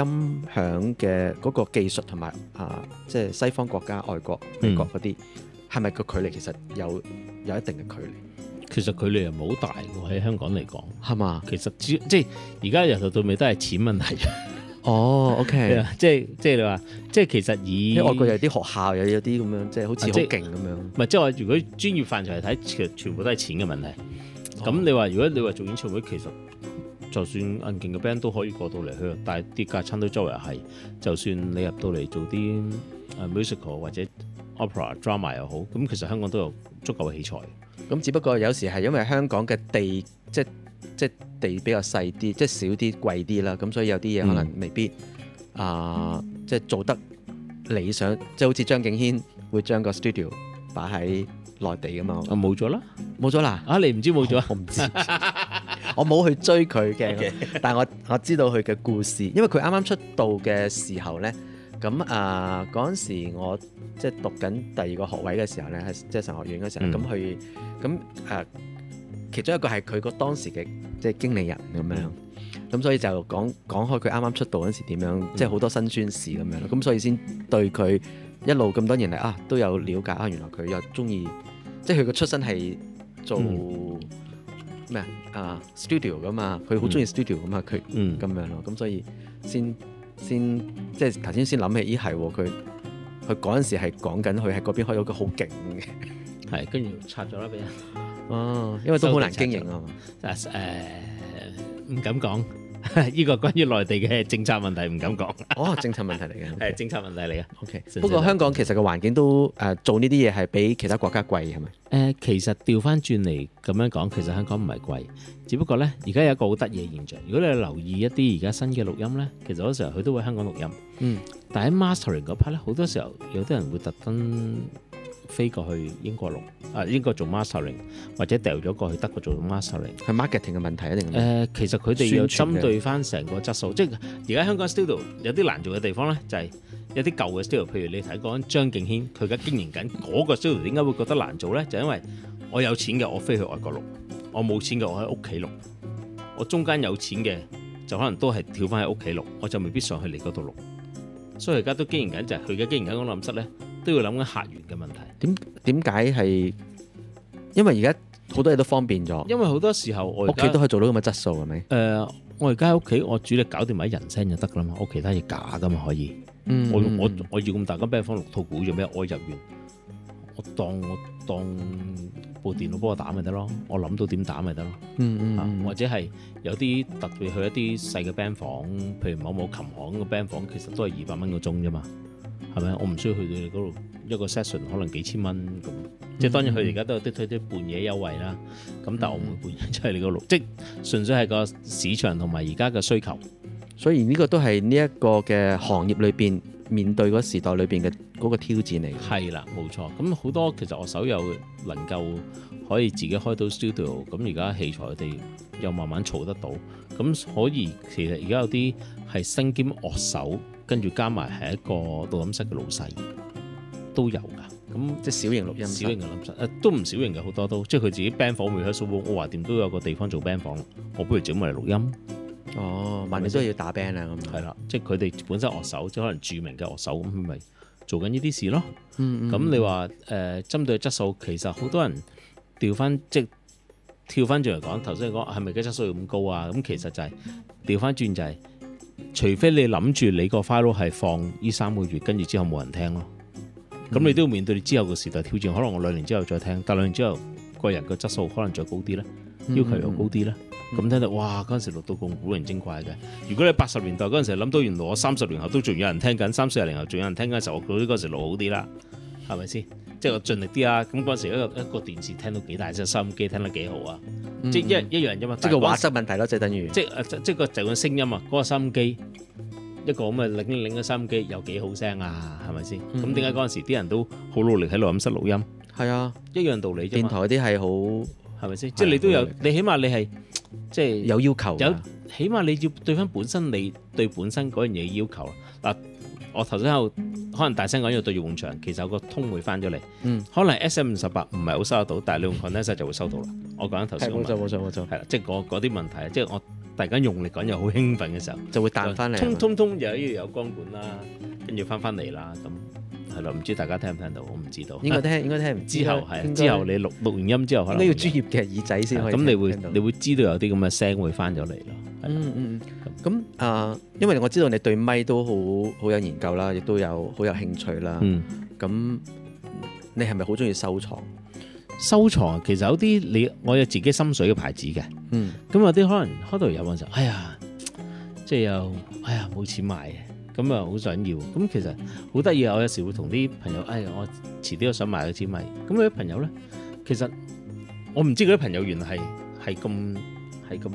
S1: 響嘅嗰個技術同埋啊，即係西方國家、外國、美國嗰啲，係咪個距離其實有有一定嘅距離？其實距離又冇大喎，喺香港嚟講，係嘛嗎？
S2: 其實即係而家由頭到尾都係錢問題。哦、oh，OK，即係即係你話，即係其實以，即係外國有啲學校有有啲咁樣，即係好似好勁咁樣。唔係，即係話如果專業範疇嚟睇，其實全部都係錢嘅問題。咁、mm hmm. 嗯、你話如果你話做演唱會，其實就算硬勁嘅 band 都可以過到嚟去，但係啲架撐都周圍係。就算你入到嚟做啲 musical 或者 opera drama 又好，咁其實香港都有
S1: 足夠嘅器材。咁只不過有時係因為香港嘅地即係。即地比較細啲，即係少啲貴啲啦，咁所以有啲嘢可能未必啊，即、嗯呃即係、做得理想，即、即係、好似張敬軒會將個 studio 擺喺內地㗎嘛，冇咗啦，冇咗啦，啊你唔知冇咗，我唔知， 我冇去追佢嘅， 但係我我知道佢嘅故事，因為佢啱啱出道嘅時候呢。咁啊嗰陣時我即、即係、讀緊第二個學位嘅時候呢，係、即係、神學院嘅時候，咁佢咁誒。其中一個係佢個當時嘅即係經理人咁樣，咁、嗯、所以就講講開佢啱啱出道嗰時點樣，嗯、即係好多辛酸事咁樣，咁所以先對佢一路咁多年嚟啊都有了解啊，原來佢又中意，即係佢個出身係做咩、嗯、啊 studio, studio？studio 噶嘛，佢好中意 studio 噶嘛，佢咁樣咯。咁所以先先即係頭先先諗起，咦係喎，佢佢嗰陣時係講緊，佢喺嗰邊開咗個好勁
S2: 嘅，係跟住拆咗啦俾人。
S1: 哦，因為都好難經營
S2: 啊嘛，誒唔、哦呃、敢講呢、呢個關於內地嘅政策問題說，唔敢講。哦，政策問題嚟嘅，係 okay, 政策問題嚟嘅。OK，不過香
S1: 港其實個環境都誒、呃、做呢啲嘢係比其他國家貴係咪？誒、呃，其實調翻轉嚟咁樣講，其實香港唔係貴，只不過咧，而家有一
S2: 個好得意嘅現象，如果你留意一啲而家新嘅錄音咧，其實好多時候佢都會香港錄音。嗯，但喺 mastering 嗰 part 咧，好多時候有啲人會特登。飛過去英國錄，啊英國做 mastering，或者掉咗過去德國做 mastering，係 marketing 嘅問題一定？誒、呃，其實佢哋要針對翻成個質素，即係而家香港 studio 有啲難做嘅地方咧，就係、是、有啲舊嘅 studio，譬如你睇講張敬軒，佢而家經營緊嗰個 studio，點解會覺得難做咧？就因為我有錢嘅，我飛去外國錄；我冇錢嘅，我喺屋企錄；我中間有錢嘅，就可能都係跳翻喺屋企錄，我就未必上去嚟嗰度錄。所以而家都在經營緊就係佢而家經營緊嗰間室咧。都要諗緊客源嘅問題。
S1: 點點解係？因為而家好多嘢都方便咗。因為好多時候我，我屋企都可以做到咁嘅質素，係咪？
S2: 誒，我而家喺屋企，我主力搞掂埋人聲就得㗎啦嘛，屋其他嘢假㗎嘛，可以。嗯、我我我要咁大間 band 房六套鼓做咩？我入完，我當我當部電腦幫我打咪得咯，我諗到點打咪得咯。嗯嗯、啊。或者係有啲特別去一啲細嘅 band 房，譬如某某琴行嘅 band 房，其實都係二百蚊個鐘啫嘛。係咪？我唔需要去到你嗰度一個 session，可能幾千蚊咁。嗯、即係當然佢而家都有啲推啲半夜優惠啦。咁、嗯、但係我唔會半夜去、嗯、即係你嗰度，即係純粹係個
S1: 市場同埋而家嘅需求。所以呢個都係呢一個嘅行業裏邊面，面對嗰個時代裏邊嘅嗰個挑戰嚟。係啦，冇錯。咁好多其實我手有
S2: 能夠可以自己開到 studio，咁而家器材佢哋又慢慢儲得到，咁所以其實而家有啲係新兼樂手。跟住加埋係一個錄音室嘅老細都有㗎，咁、嗯、即係小型錄音室、小型嘅錄音室，呃、都唔小型嘅好多都，即係佢自己 band 房會開數波，我話點都有個地方做 band 房，我不如整埋嚟錄音。哦，萬是你都要打 band 啊咁樣。係啦，的嗯、即係佢哋本身樂手，即係可能著名嘅樂手咁，咪做緊呢啲事咯。咁、嗯嗯嗯、你話誒、呃、針對質素，其實好多人調翻即係跳翻轉嚟講，頭先講係咪嘅質素要咁高啊？咁其實就係調翻轉就係、是。除非你諗住你個 file 係放呢三個月，跟住之後冇人聽咯，咁你都要面對你之後嘅時代挑戰。可能我兩年之後再聽，但兩年之後個人嘅質素可能再高啲啦，
S1: 要求又
S2: 高啲啦。咁、嗯嗯嗯、聽到哇，嗰陣時錄到咁古靈精怪嘅。如果你八十年代嗰陣時諗到，原來我三十年後都仲有人聽緊，三四十年後仲有人聽緊嘅時候，我覺得嗰時錄好啲啦，係咪先？即係我盡力啲啊！咁嗰陣時一個一個電視聽到幾大聲，收音機聽得幾好啊！嗯嗯即一一樣啫嘛，即個畫質問題咯，即係等於即即即個就係聲音啊！嗰、嗰個收音機一個咁嘅擰擰嘅收音機有幾好聲啊？係咪先？咁點解嗰陣時啲人都好努力喺度錄音室錄音？係啊，一樣道理啫。電台啲係好，係
S1: 咪先？吧啊、即係你都有，
S2: 你起碼你係即係有要求，有起碼你要對翻本身你對本身嗰樣嘢要求嗱。我頭先喺度可能大聲講要對住埲牆，其實有個通會翻咗嚟。嗯，可能 S M 五十八唔係好收得到，但係你用 condenser 就會收到啦。我講緊頭先冇錯冇錯冇錯。係啦，即係嗰啲問題，即係我大家用力講又好興奮嘅時候，就會彈翻嚟。通通通又要有光管啦，跟住翻翻嚟啦，咁。係咯，唔知大家聽唔聽到，我唔知道。應該聽，應該聽唔。之後係，之後
S1: 你錄錄完音之後，應該要專業嘅耳仔先。咁你會，你會知道有啲咁嘅聲會翻咗嚟咯。嗯咁啊、呃，因為我知道你對咪都好好有研究啦，亦都有好有興趣啦。咁、嗯、你係咪好中意收藏？
S2: 收藏其實有啲你，我有自己心水嘅牌子嘅。咁、嗯、有啲可能開到有嗰陣，哎呀，即係又，哎呀，冇錢買咁啊，好想要！咁其實好得意啊！我有時會同啲朋友，哎呀，我遲啲我想買支米。咁啲朋友咧，其實我唔知佢啲朋友原來係係咁係咁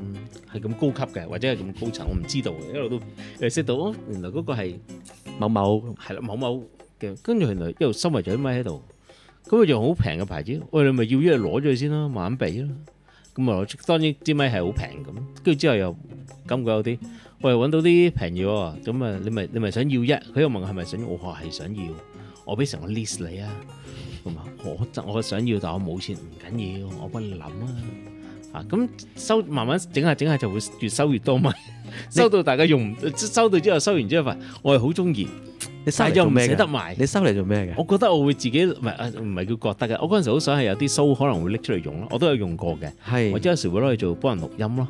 S2: 係咁高級嘅，或者係咁高層，我唔知道嘅。一路都誒識到，原來嗰個係某某係啦，某某嘅。跟住原來一路收埋咗啲米喺度，咁佢就好平嘅牌子。喂，你咪要一係攞咗佢先啦，慢慢畀咯。咁啊，當然支米係好平咁。跟住之後又感覺有啲。我係揾到啲平嘢喎，咁啊你咪你咪想要一？佢又問我係咪想要，我話係想要，我俾成個 list 你啊。咁啊，我我想要，但我冇錢，唔緊要，我幫你諗啊。嚇、啊，咁收慢慢整下整下就會越收越多嘛。你收到大家用收到之後收完之後份，我係好中意。
S1: 你收嚟做咩？唔捨得賣？你
S2: 收嚟做咩嘅？我覺得我會自己唔係唔係叫覺得嘅，我嗰陣時好想係有啲收可能會拎出嚟用咯，我都有用過嘅。係的，我即係有時會攞去做幫人錄音咯。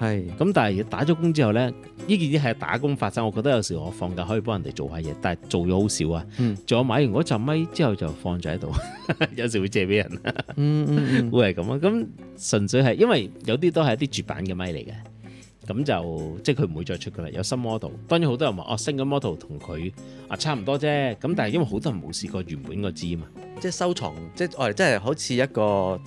S2: 係，咁是但係打咗工之後呢，呢件嘢係打工發展。我覺得有時我放假可以幫人哋做下嘢，但係做咗好少啊。嗯，仲有買完嗰隻咪之後就放咗喺度， 有時會借俾人。嗯嗯，嗯會係咁啊。咁純粹係因為有啲都係一啲絕版嘅咪嚟嘅，咁就即係佢唔會再出噶啦。有新 model，當然好多人話哦，新嘅 model 同佢
S1: 啊差唔多啫。咁但係因為好多人冇試過原本個字嘛，即係收藏，即係我哋即係好似一個。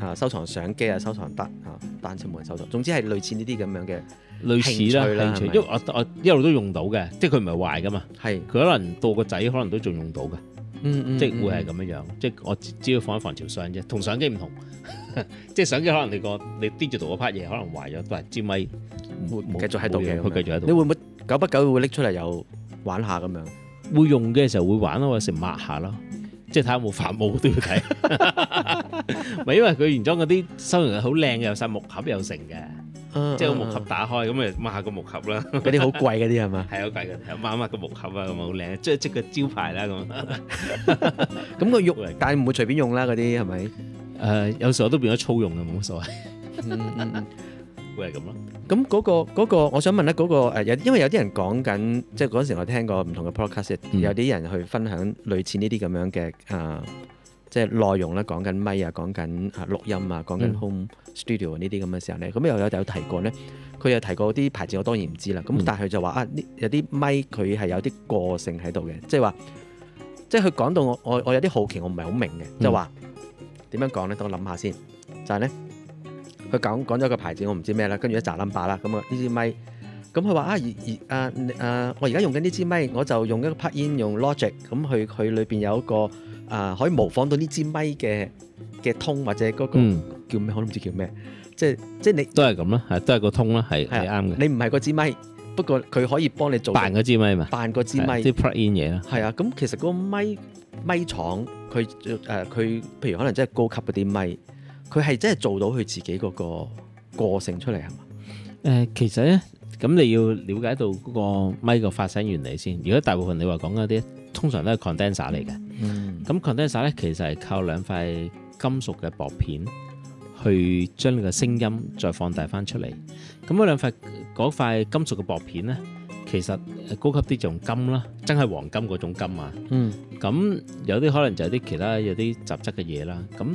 S1: 嚇收藏相機啊，收藏得吓單車冇人收藏。總之係類似呢啲咁樣嘅，類似啦，因為我我一路都用到嘅，即係佢唔係壞㗎嘛。係是，佢可
S2: 能到個仔可能都仲用到嘅。嗯嗯
S1: 嗯，即係會係咁
S2: 樣樣，即係我只要放喺防潮箱啫。同相機唔同， 即係相機可能你個你 digital part 嘢可能壞咗，但係焦米會繼續喺度嘅，佢繼續喺度。你會
S1: 唔會久不久會拎出嚟又玩下咁樣？
S2: 會用嘅時候會玩咯，或者抹下咯。即係睇下有冇發毛都要睇，唔係因為佢原裝嗰啲收容係好靚嘅，有曬木盒又成嘅，
S1: 即係個木盒
S2: 打開咁啊，抹下個木盒啦。嗰啲好貴嗰啲係嘛？係好貴嘅，抹一抹個木盒啊，咁啊好靚，即係即個招牌啦咁。
S1: 咁個用，但係唔會隨便用啦，嗰啲係咪？誒，有時候都變咗粗用嘅，冇乜所謂。
S2: 會係
S1: 咁咯。咁嗰、嗰個、嗰個、我想問咧嗰、嗰個有因為有啲人講緊，即係嗰陣時我聽過唔同嘅 podcast，、嗯、有啲人去分享類似呢啲咁樣嘅誒、呃，即係內容咧講緊咪啊，講緊錄音啊，講緊 home studio 呢啲咁嘅時候咧，咁、嗯、又有有提過咧，佢又提過啲牌子，我當然唔知啦。咁但係佢就話、嗯、啊，有啲咪，佢係有啲個性喺度嘅，即係話，即係佢講到我我我有啲好奇我，嗯、我唔係好明嘅，就係話點樣講咧？等我諗下先，就係咧。佢講講咗個牌子，我唔知咩啦，跟住一揸冧 u m 啦，咁啊呢支咪？咁佢話啊而啊啊我而家用緊呢支咪？我就用一個 plug in 用 Logic，咁、嗯、佢佢裏邊有一個啊可以模仿到呢支咪嘅嘅通或者嗰、那個、嗯、叫咩我都唔知叫咩，即即你都係咁啦，係都係個通啦，係係啱嘅。的你唔係嗰支咪？不過佢可以幫你做扮嗰支咪嘛，扮嗰支即啲 plug in 嘢咯。係啊，咁、就是啊、其實嗰個咪麥廠佢誒佢，呃、譬如可能真係高級嗰啲咪。佢係真係做到佢自己嗰個個性出嚟係嘛？
S2: 誒，其實咧，咁你要瞭解到嗰個咪嘅發聲原理先。如果大部分你話講嘅啲，通常都係 condenser 嚟嘅。嗯。咁 condenser 咧，其實係靠兩塊金屬嘅薄片去將你嘅聲音再放大返出嚟。咁嗰兩塊嗰塊金屬嘅薄片咧，其實高級啲就用金啦，真係黃金嗰種金啊。嗯。咁有啲可能就係啲其他有啲雜質嘅嘢啦。咁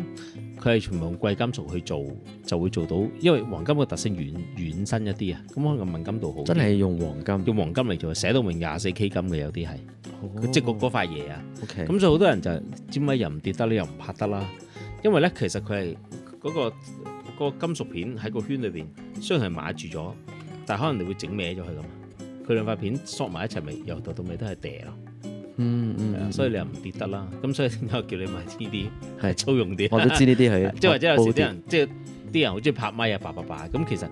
S2: 佢係全部用貴金屬去做，就會做到，因為黃金嘅特性軟軟身一啲啊，咁可能敏感度好啲。真係用黃金，用黃金嚟做，寫到明廿四 K 金嘅有啲係，即係嗰嗰塊嘢啊。OK。咁所以好多人就，點解又唔跌得咧，你又唔拍得啦？因為咧，其實佢係嗰個嗰個金屬片喺個圈裏邊，雖然係碼住咗，但係可能你會整歪咗佢咁。佢兩塊片索埋一齊，咪由頭到尾都係掉咯。嗯嗯，嗯所以你又唔跌得啦，咁所以點解我叫你買呢啲係粗用啲，我都知呢啲係，即係或者有時啲人即係啲人好中意拍咪啊，叭叭叭咁，嗯、其實誒、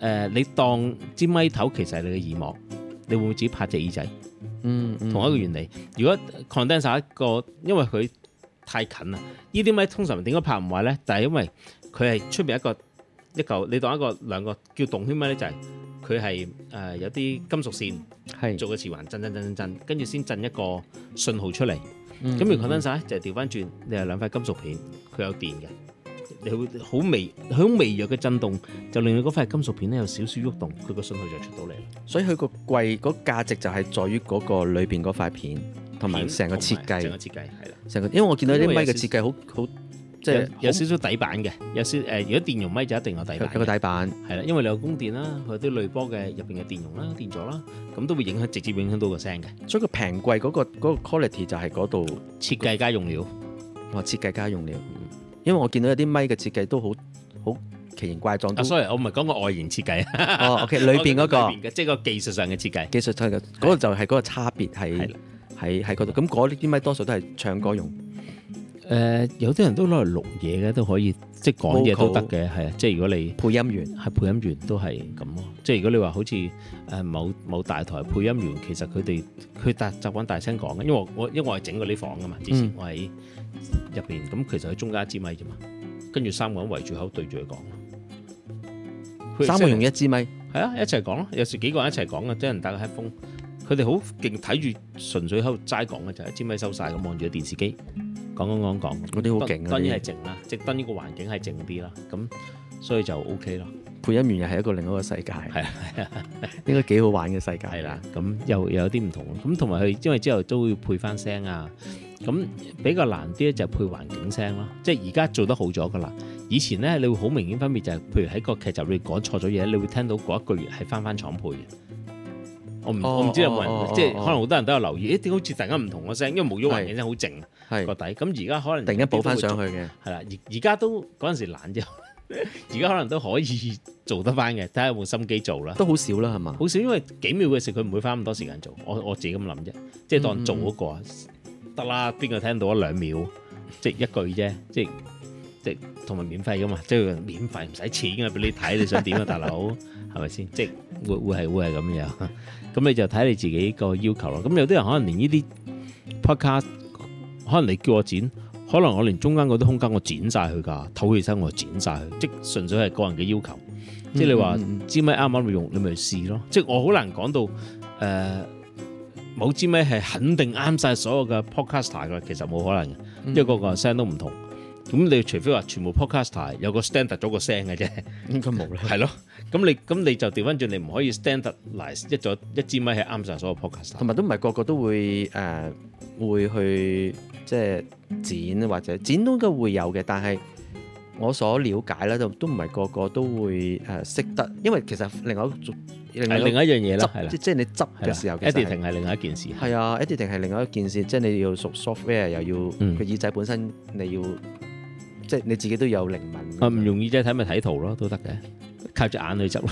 S2: 呃、你當支咪頭其實係你嘅耳膜，你會唔會自己拍隻耳仔、
S1: 嗯？嗯，同一
S2: 個原理。如果 condenser 一個因為佢太近啦，呢啲咪通常點解拍唔壞咧？就係因為佢係出邊一個一嚿，你當一個兩個,兩個叫動圈咪呢、就係。佢係誒有啲金屬線，係做個磁環震震震震震，跟住先震一個信號出嚟。咁如果攤曬就調翻轉，你係兩塊金屬片，佢有電嘅，你會好微，好微弱嘅震動就令到嗰塊金屬片咧有少少喐動，佢個信號就出到嚟
S1: 啦。所以佢個貴個價值就係在於嗰個裏邊嗰塊片同埋成個設計，成個設計係啦。成個，因為我見到啲麥嘅設計好好。
S2: 即係有少
S1: 少底板嘅，
S2: 有少誒。如果、呃、電容咪就一定有底板，有個底
S1: 板係啦，
S2: 因為你有供電啦，佢啲濾波嘅入邊嘅電容啦、電阻啦，咁都會影響，直接影響到個聲嘅。所以個平貴嗰、
S1: 嗰個嗰個 quality 就係嗰度設計家用料，話、哦、設計家用料。嗯、因為我見到有啲咪嘅設計都好好奇形怪狀。啊，sorry，
S2: 我唔係講個外形設計啊。哦，OK，裏邊嗰個，即係、
S1: 就係、個技術上嘅設計。技術上嗰、嗰個就係嗰個差別係喺係嗰度。咁嗰啲啲咪多數都係唱歌用。嗯誒、呃、有啲人都攞嚟錄嘢嘅，都可以即係講嘢都得嘅，係啊。即係套如果你配音員係配音員都係咁咯。
S2: 即係如果你話好似誒某某大台配音員，其實佢哋佢大習慣大聲講嘅，因為我因為我係整過啲房噶嘛，之前我喺入邊咁，嗯、面其實喺中間一支咪啫嘛，跟住三個人圍住口對住佢講，
S1: 三個用一支咪
S2: 係啊，一齊講咯。有時幾個人一齊講嘅，即係人戴個 headphone，佢哋好勁睇住純粹喺度齋講嘅，就係一支咪收晒，咁望住電視機。講講講講，嗰啲好勁啊！當然係靜啦，直登呢個環境係靜啲啦，咁所以就 OK 咯。配音員又係一個另一個世界，係啊， 應該幾好玩嘅世界啦。咁、啊、又，又有啲唔同咯。咁同埋佢，因為之後都會配翻聲啊。咁比較難啲咧，就配環境聲咯、啊。即係而家做得好咗㗎啦。以前咧，你會好明顯分別、就是，就係譬如喺個劇集裏你講錯咗嘢，你會聽到嗰一句係翻翻廠配嘅。我唔知有冇人，即係、哦哦、可能好多人都有留意，點、欸、解好似突然間唔同嘅聲？因為冇咗環境聲好靜係是個底，咁而家可能家突然間補翻上,上去嘅，係啦。而而家都嗰陣時懶啫，而家可能都可以做得翻嘅，睇下有冇心機做啦。都好少啦，係嘛？好少，因為幾秒嘅時間，佢唔會花咁多時間做。我我自己咁諗啫，即係當做嗰、那個得啦，邊個、嗯、聽到一兩秒即係一句啫，即係即係同埋免費噶嘛，即係免費唔使錢嘅、啊，俾你睇你想點啊 大佬，係咪先？即係會會係會係咁樣，咁你就睇你自己個要求咯。咁有啲人可能連呢啲 podcast。可能你叫我剪，可能我連中間嗰啲空間我剪曬佢噶，唞起身我剪曬佢，即係純粹係個人嘅要求。即係你話支咪啱唔啱用，你咪去試咯。即係我好難講到誒，某支咪係肯定啱曬所有嘅 podcaster 嘅，其實冇可能嘅，因為個個聲都唔同。咁你除非話全部 podcaster 有個 standard 咗個聲嘅啫，應該冇啦。係咯，咁你咁你就調翻轉，你唔可以 standardize 一咗一支咪係啱曬所有 podcaster，
S1: 同埋都唔係個個都會誒會去。即剪或者剪都應該會有嘅，但係我所了解咧都都唔係個個都會誒識得，因為其實另外一另外一樣嘢啦，即即你執嘅時候 editing 係另外一件事，係啊 editing 係另外一件事，即你要熟 software 又要個耳仔本身你要即你自己都有靈敏，唔容易啫，睇咪睇圖咯都得嘅，靠隻眼去執咯，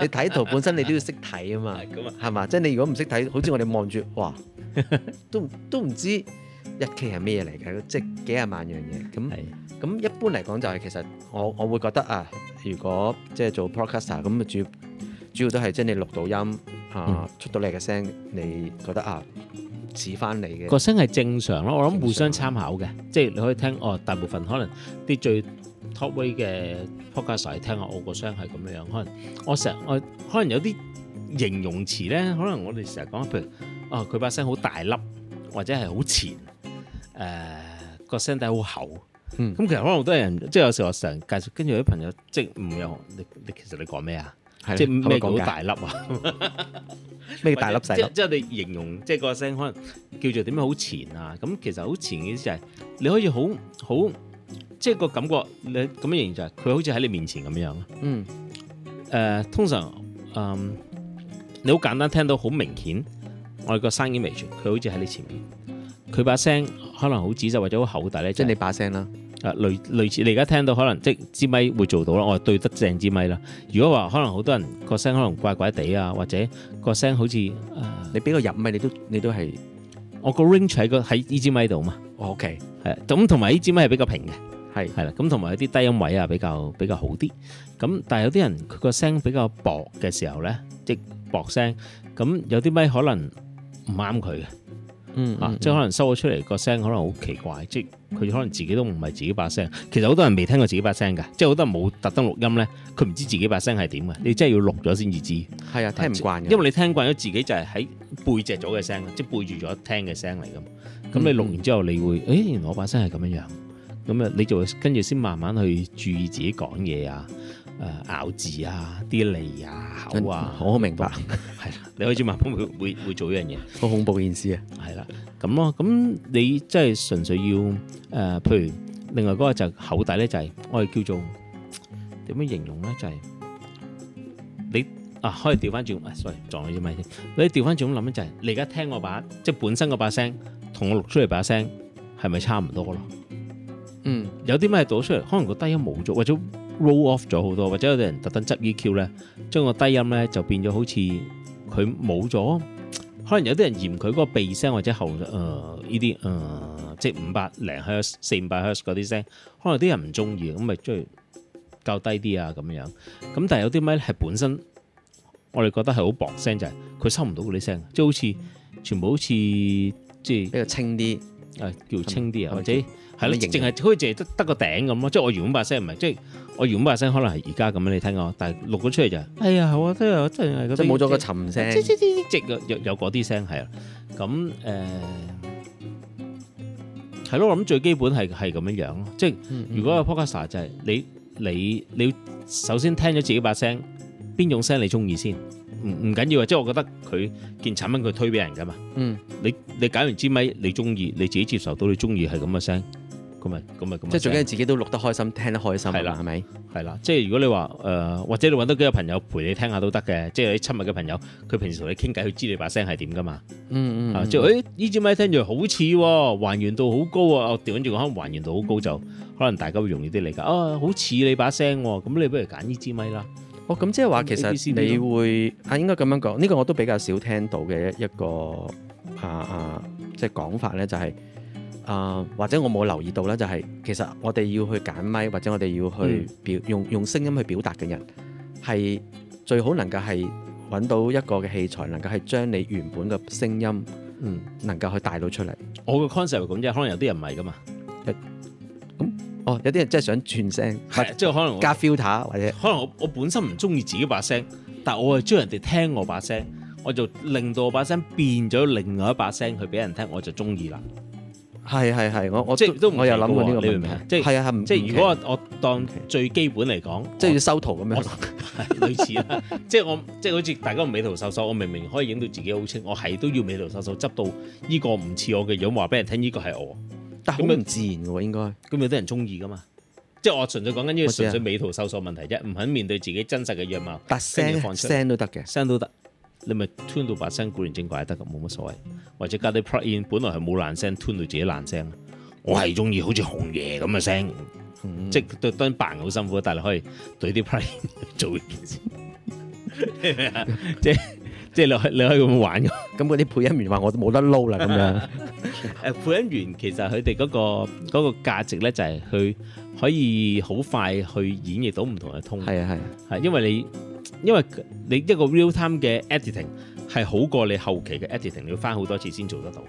S1: 你睇圖本身你都要識睇啊嘛，係嘛？即你如果唔識睇，好似我哋望住哇，都都唔知。一 K 係咩嚟嘅？即係幾廿萬樣嘢咁。咁的一般嚟講就係、是、其實我我會覺得啊，如果即係做 podcaster 咁，主要主要都係即係你錄到音啊、呃，出到你嘅聲，你覺得啊似翻你嘅個聲係
S2: 正常咯。我諗互相參考嘅，常即係
S1: 你可以聽哦，大部分可能
S2: 啲最 top 嘅 podcaster 聽下，我個聲係咁樣樣。可能我成日，我，我可能有啲形容詞咧，可能我哋成日講譬如啊，佢把聲好大粒，或者係好前。誒個聲底好厚，咁、嗯、其實可能好多人，即有時我成日介紹，跟住有啲朋友即唔用，你你其實你講咩啊？的即唔係講大粒啊？咩 大粒細是粒？即我粒、就是就是、你形容，即、就是、個聲可能叫做點樣好前啊？咁其實好前嘅意思就係你可以好好，即、就是、個感覺你咁樣形容就係佢好似喺你面前咁樣。嗯，誒、呃、通常嗯、呃、你好簡單聽到好明顯，我個 image 佢好似喺你前面。佢把聲可能好紫就或者好厚底，咧，即係你把聲啦。啊，類類似你而家聽到可能即支咪會做到啦，我對得正支咪啦。如果話可能好多人個聲可能怪怪地啊，或者個聲好似、呃、你俾個入咪，你都你都係我個 range 喺個喺呢支咪度嘛。O K，係咁同埋呢支咪係比較平嘅，係係啦。咁同埋有啲低音位啊比較比較好啲。咁但係有啲人佢個聲比較薄嘅時候咧，即係薄聲。咁有啲咪可能唔啱佢嘅。嗯，嗯，嗯、啊，即係可能收咗出嚟個聲可能好奇怪，即係佢可能自己都唔係自己把聲，其實好多人未聽過自己把聲嘅，即係好多人冇特登錄音呢。佢唔知自己把聲係點嘅，你真係要錄咗先至知。係啊，聽唔慣、啊，因為你聽慣咗自己就係喺背脊咗嘅聲，即係背住咗聽嘅聲嚟嘅。咁你錄完之後你會，誒、嗯嗯欸，我把聲係咁樣樣，咁啊，你就跟住先慢慢去注意自己講嘢啊。誒、呃、咬字啊，啲脷啊、口啊、嗯，好好明白。係啦， 你可以知麥豐會做一樣嘢，好恐怖嘅意思事啊。係啦，咁咯，咁你即係純粹要誒、呃，譬如另外嗰個就口底咧、就是，就係我哋叫做點樣形容咧，就係、是、你啊，可以調翻轉，誒、啊、sorry 撞咗啲咪。嘢。你調翻轉咁諗咧，就係你而家聽我把即係本身嗰把聲，同我錄出嚟把聲係咪差唔多咯？嗯，有啲咩倒出嚟？可能個低音冇咗，或者。Roll off 咗好多，或者有啲人特登執啲 EQ 咧，將個低音咧就變咗好似佢冇咗，可能有啲人嫌佢嗰個鼻聲或者後誒依啲誒，即係五百零赫斯、四五百赫斯嗰啲聲，可能有啲人唔中意，咁咪最較低啲啊咁樣。咁但係有啲咪咧係本身，我哋覺得係好薄聲，就係、是、佢收唔到嗰啲聲，即係好似全部好似即係比較清啲，誒、啊、叫清啲啊、嗯、或者。嗯係咯，淨係可以淨係得得個頂咁咯，即係我原本把聲唔係，即係我原本把聲可能係而家咁樣你聽我，但係錄咗出嚟、哎、就係呀，好啊，真係真係，即係冇咗個沉聲，即即即即即有嗰啲聲係啦，咁誒，係咯、呃，我諗最基本係係咁樣樣咯，即係、嗯嗯、如果係 Podcast 就係、是、你你你首先聽咗自己把聲邊種聲你中意先，唔唔緊要啊，即係我覺得佢件產品佢推俾人噶嘛，嗯，你你揀完支咪你中意，你自己接受到你中意係咁嘅聲。咁啊，咁啊，咁啊，即係最緊要自己都錄得開心，聽得開心係啦，係咪的？係啦吧，即係如果你話誒、呃，或者你搵多幾個朋友陪你聽下都得嘅，即係啲親密嘅朋友，佢平時同你傾偈，佢知你把聲係點㗎嘛？嗯嗯,嗯、啊，即係誒，呢、哎、支咪聽住好似還原度好高啊！哦，調跟住講還原度好高就，就可能大家會容易啲理解啊，好似你把聲咁、哦，你不如揀呢支咪啦。
S1: 哦，咁即係話其實你會吓、啊、應該咁樣講，呢、這個我都比較少聽到嘅一一個啊啊，即係講法咧就係、是。啊、uh, 就是，或者我冇留意到啦，就係其實我哋要去揀咪，或者我哋要去表、嗯、用用聲音去表達嘅人，係最好能夠係揾到一個嘅器材，能夠係將你原本嘅聲音，嗯，能夠去帶到出嚟。我個 concept 係咁啫，可能有啲人唔係噶嘛？咁、嗯、哦，有啲人真係想轉聲，
S2: 即係可能我加 filter 或者，可能我我本身唔中意自己把聲，但我係中意人哋聽我把聲，我就令到我把聲變咗另外一把聲去俾人聽，我就中意啦。
S1: 係係係，我
S2: 我我有諗過呢個問題，你明唔明，即係係啊，即係如果我我當最基本嚟講，即係
S1: 要修圖咁樣，係
S2: 類似啦，即係我即係好似大家美圖秀秀，我明明可以影到自己好清，我係都要美圖秀秀執到依個唔似我嘅樣，話俾人聽呢個係我，但係好唔自然嘅喎應該，咁有啲人中意噶嘛？即係我純粹講緊呢個純粹美圖秀秀問題啫，唔肯面對自己真實嘅樣貌，突聲都得嘅，聲都得。你咪吞到把聲古靈精怪得㗎，冇乜所謂，或者加啲 plug in，本來係冇爛聲，吞到自己爛聲。我係中意好似紅葉咁嘅聲，即係都扮好辛苦，但係你可以對啲 plug in 做件
S1: 事。即係即係你可你可咁玩㗎，咁嗰啲配音員話我都冇得撈啦咁樣。
S2: 誒，配音員其實佢哋嗰個嗰個價值咧就係佢可以好快去演繹到唔同嘅 tone。係啊係啊，係因為你。因為你一個 real time 嘅 editing 係好過你後期嘅 editing，你要翻好多次先做得到。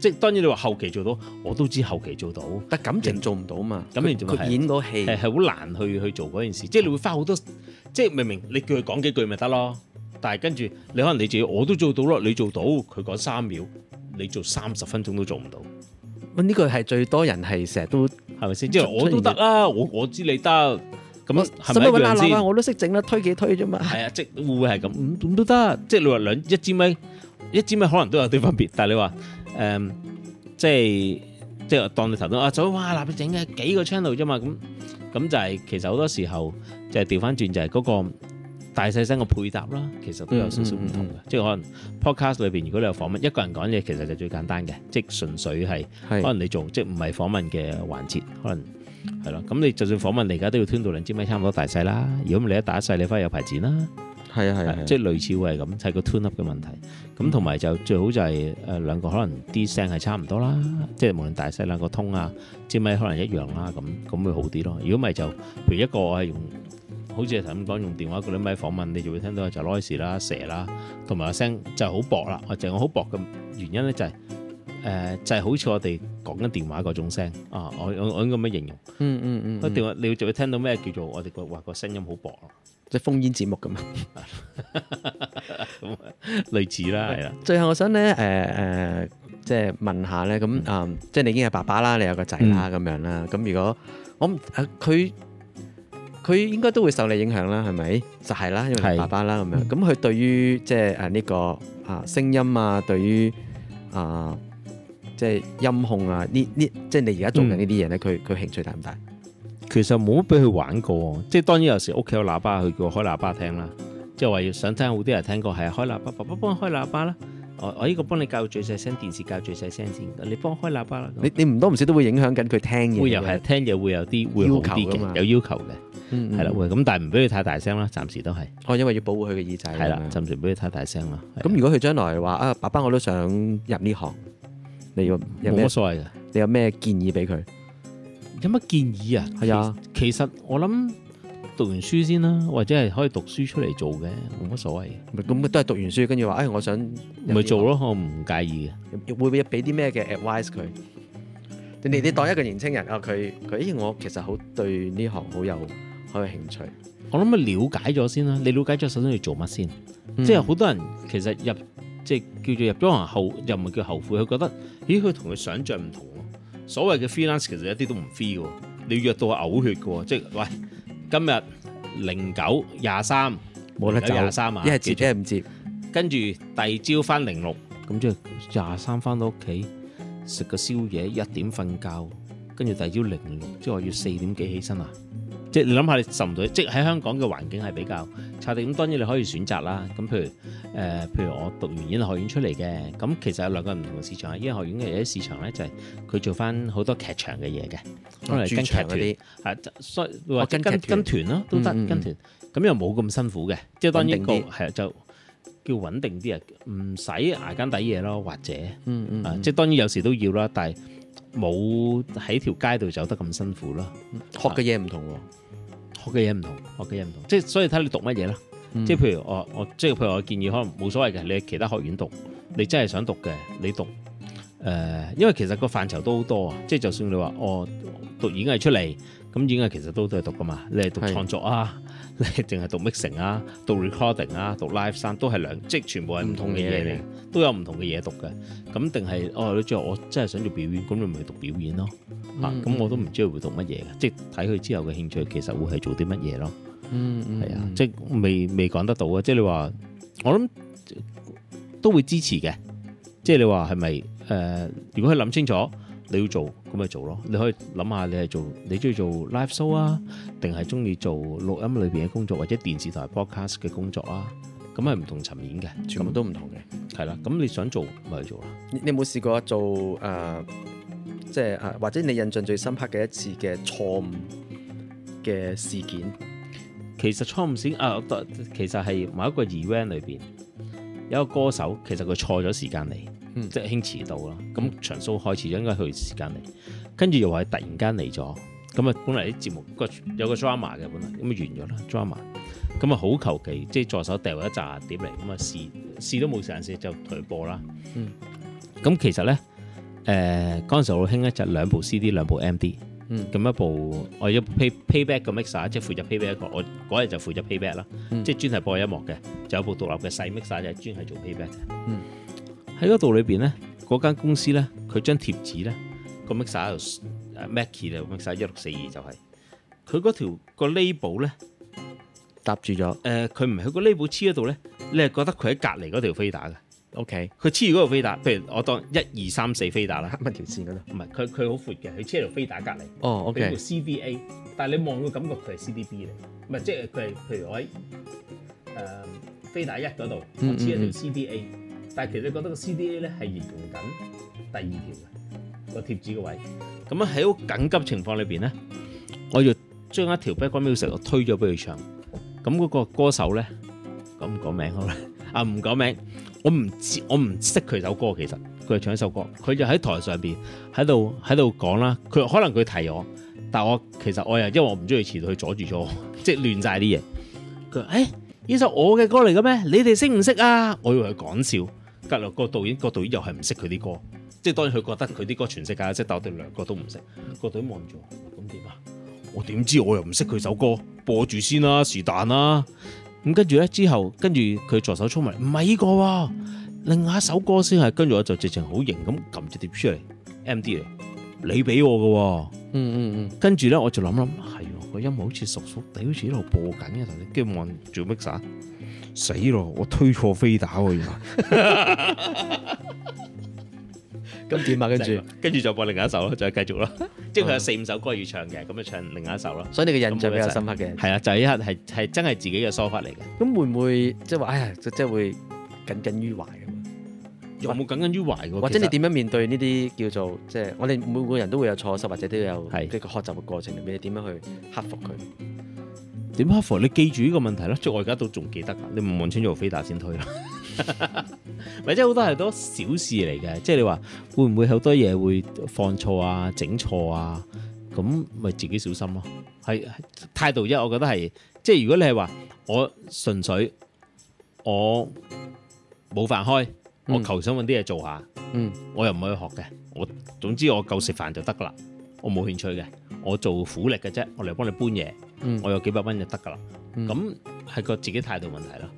S2: 即係當然你話後期做到，我都知後期做到，但感情做唔到嘛。咁你之後係佢演到戲係好難去去做嗰件事，即係你會花好多，嗯、即係明明你叫佢講幾句咪得咯。但係跟住你可能你自己我都做到咯，你做到佢講三秒，你做三十分鐘都做唔到。哇！呢個係最多人係成日都係咪先？即係我都得啦，我我知你得。咁啊，係咪一樣先？我
S1: 都識整啦，推幾推啫嘛。係啊，即會唔
S2: 會係咁？咁，都得。即你話兩一支麥，一支麥可能都有啲分別，但係你話誒，即即當你頭先啊，左哇，嗱，你整嘅幾個 channel 啫嘛，咁咁就係其實好多時候就係調翻轉，就係嗰個大細聲嘅配搭啦，其實都有少少唔同嘅。即可能 podcast 裏邊，如果你有訪問，一個人講嘢其實就最簡單嘅，即純粹係可能你做，即唔係訪問嘅環節，可能。係咯，咁你就算訪問，你而家都要穿到兩支咪差唔多大細啦。如果你一打細，你反而有排剪啦。係啊係啊，即係類似會係咁，係個 turn up 嘅問題。咁同埋就最好就係誒兩個可能啲聲係差唔多啦，即係無論大細兩個通啊，支咪可能一樣啦，咁咁會好啲咯。如果唔係就，譬如一個係用，好似係頭先講用電話嗰啲咪訪問，你就會聽到就 noise 啦、蛇啦，同埋個聲就係好薄啦。我淨係好薄嘅原因咧就係。誒就係好似我哋講緊電話嗰種聲啊！我我我咁樣形容，
S1: 嗯嗯嗯，電
S2: 話你會就會聽到咩叫做我哋個話個聲音好薄咯，
S1: 即係烽煙節目咁啊！類似啦，係啦。最後我想咧誒誒，即係問下咧咁啊，即係你已經係爸爸啦，你有個仔啦咁樣啦。咁如果我佢佢應該都會受你影響啦，係咪？就係啦，因為爸爸啦咁樣。咁佢對於即係誒呢個啊聲音啊，對於啊。即係音控啊！呢呢即係你而家做緊呢啲嘢咧，佢佢興趣大唔大？
S2: 其實冇乜俾佢玩過，即係當然有時屋企有喇叭，佢叫我開喇叭聽啦。即係話要想聽，好啲人聽過係開喇叭，爸爸幫佢開喇叭啦。我呢依個幫你教最細聲，電視教最細聲先。你幫我開喇叭啦。你你唔多唔少都會影響緊佢聽嘢。會又係聽嘢會有啲要求嘅，有要求嘅，
S1: 係啦。
S2: 咁但係唔俾佢太大聲啦，暫時都係。哦，因為要保護佢嘅耳仔。係啦，暫時唔俾佢太大聲
S1: 啦。咁如果佢將來話啊，爸爸我都想入呢行。你要有乜所謂嘅？你有咩建議俾佢？有乜建議啊？係
S2: 啊的，其實我諗讀完書先啦，啊，或者係可以讀書出嚟做嘅，冇乜
S1: 所謂。咁都係讀完書，跟住話，嗯、哎，我想咪做咯，我唔介意嘅。會唔會俾啲咩嘅 advice 佢，嗯？你你當一個年青人啊，佢佢、哎，我其實好對呢行好有好有興趣。
S2: 我諗咪了解咗先啦，啊。嗯、你了解咗首先要做乜先？嗯、即係好多人其實入。即係叫做入咗行後，又唔係叫後悔，佢覺得咦佢同佢想像唔同喎。所謂嘅 freelance 其實一啲都唔 free 喎，你約到係嘔血嘅喎。即係喂，今日零九廿三冇得廿三賺，一係、啊、接，一係唔接。跟住第二朝返零六，咁即係廿三返到屋企食個宵夜，一點瞓覺，跟住第二朝零六，即係我要四點幾起身啊！即係你諗下，你受唔到？即係喺香港嘅環境係比較差定咁，當然你可以選擇啦。咁譬如誒、呃，譬如我讀完演藝學院出嚟嘅，咁其實有兩個唔同嘅市場。演藝學院嘅有啲市場咧，就係佢做翻好多劇場嘅嘢嘅，攞跟劇嗰啲。係，或者跟團些或者跟，跟團咯都得，跟團。咁、嗯嗯、又冇咁辛苦嘅，嗯嗯即係當一個係就叫穩定啲啊，唔使捱更抵夜咯。或者，嗯嗯嗯即係當然有時都要啦，但係。冇喺條街度走得咁辛苦咯、啊，學嘅嘢唔同喎，學嘅嘢唔同，學嘅嘢唔同，即係所以睇你讀乜嘢啦，即係、嗯、譬如我我即係譬如我建議可能冇所謂嘅，你喺其他學院讀，你真係想讀嘅，你讀誒、呃，因為其實個範疇都好多啊，即係就算你話我讀演藝出嚟，咁演藝其實都都係讀㗎嘛，你係讀創作啊。淨係讀 mixing 啊，讀 recording 啊，讀 live sound 都係兩，即係全部係唔同嘅嘢嚟，嗯嗯、都有唔同嘅嘢讀嘅。咁定係哦，你之後我真係想做表演，咁你咪讀表演咯。嗯嗯、啊，咁我都唔知佢會讀乜嘢嘅，嗯嗯、即係睇佢之後嘅興趣，其實會係做啲乜嘢咯。嗯嗯，係、嗯、啊，即係未未講得到啊。即係你話，我諗都會支持嘅。即係你話係咪誒？如果佢諗清楚你要做。咁咪做咯，你可以諗下你，你係做你中意做 live show 啊，定係中意做錄音裏邊嘅工作，或者電視台 podcast 嘅工作啊？咁係唔同層面嘅，全部都唔同嘅。
S1: 係啦，咁你想做咪去做啦。你有冇試過做誒，即係誒，或者你印象最深刻嘅一次嘅錯誤嘅事件？其實錯誤先啊，得，其實係某
S2: 一個 event 裏邊，有一個歌手其實佢錯咗時間嚟。嗯、即係興遲到咯，咁長、嗯、數開始咗應該去時間嚟，跟住又話突然間嚟咗，咁啊本嚟啲節目個有個來 drama 嘅本嚟，咁啊完咗啦 drama，咁啊好求其，即係助手掉一紮碟嚟，咁啊試試都冇時間試就同佢播啦。咁、嗯、其實咧，誒嗰陣時好興一隻兩部 CD 兩部 MD，咁、嗯、一部我要 payback 個 mixer，即係負責 payback 一個，我嗰日就負責 payback 啦，嗯、即係專係播音樂嘅，就有部獨立嘅細 mixer 就專係做 payback。嗯。喺嗰度裏邊咧，嗰間公司咧，佢張貼紙咧， 個 mixer 喺度 m a 啊、就是，Mackie 咧，mixer 一六四二就係佢嗰條、嗰個 label 咧，搭住咗。誒、呃，佢唔係佢個 label 黐嗰度咧，你係覺得佢喺隔離嗰條飛打嘅。OK，佢黐住嗰條飛打，譬如我當一二三四飛打啦，一條線嗰度。唔係，佢佢好闊嘅，佢黐條飛打隔離。哦我叫做 CBA，但係你望嘅感覺佢係 CDB 嚟。唔係即係佢係譬如我喺誒、呃、飛打一嗰度，我黐一條 CBA、嗯嗯嗯。但係其實覺得個 CDA 咧係沿用緊第二條個貼紙個位，咁樣喺緊急情況裏邊咧，我就將一條 background music 我推咗俾佢唱，咁、那、嗰個歌手咧，咁講名好咧，啊唔講名，我唔知我唔識佢首歌，其實佢係唱一首歌，佢就喺台上邊喺度喺度講啦，佢可能佢提我，但我其實我又因為我唔中意遲到，去阻住咗，即係亂晒啲嘢。佢話：誒呢首我嘅歌嚟嘅咩？你哋識唔識啊？我以為佢講笑。隔落個導演，個導演又係唔識佢啲歌，即係當然佢覺得佢啲歌全世界識噶，即係但我哋兩個都唔識，個隊望住我，咁點啊？我點知我又唔識佢首歌，播住先啦，是但啦。咁跟住咧之後，跟住佢助手衝埋，唔係呢個喎，另外一首歌先係，跟住我就直情好型咁撳隻碟出嚟，MD 嚟，你俾我㗎喎，嗯嗯嗯，跟住咧我就諗諗，係喎，個音樂好似熟熟地好似喺度播緊嘅，但係都冇人做乜嘢。死咯！我推錯飛打喎，原來咁點啊？跟住，跟住就播另一首咯，再繼續咯。即係佢有四五首歌要唱嘅，咁就唱另一首咯。所以你嘅印象比較深刻嘅，係啊，就係一刻係係真係自己嘅疏忽嚟嘅。
S1: 咁會唔會即係話，哎呀，即係會耿耿於懷啊？有冇耿耿於懷嘅？或者你點樣面對呢啲叫做即係？我哋每個人都會有錯失，或者都有即係個學習嘅過程裏面，你點樣去克服佢？點克服？你記住呢個問題咯，我而家都仲記得噶。你唔問清楚
S2: 飛達先推咯，咪即係好多係多小事嚟嘅。即係你話會唔會好多嘢，會放錯啊、整錯啊？咁咪自己小心咯。係態度一我覺得係。即係如果你係話我純粹我冇飯開，我求想搵啲嘢做下，嗯，我又唔可以學嘅，我總之我夠食飯就得噶啦，我冇興趣嘅。我做苦力嘅啫，我嚟幫你搬嘢，嗯、我有幾百蚊就得㗎喇。咁係、嗯、個自己態度問題咯。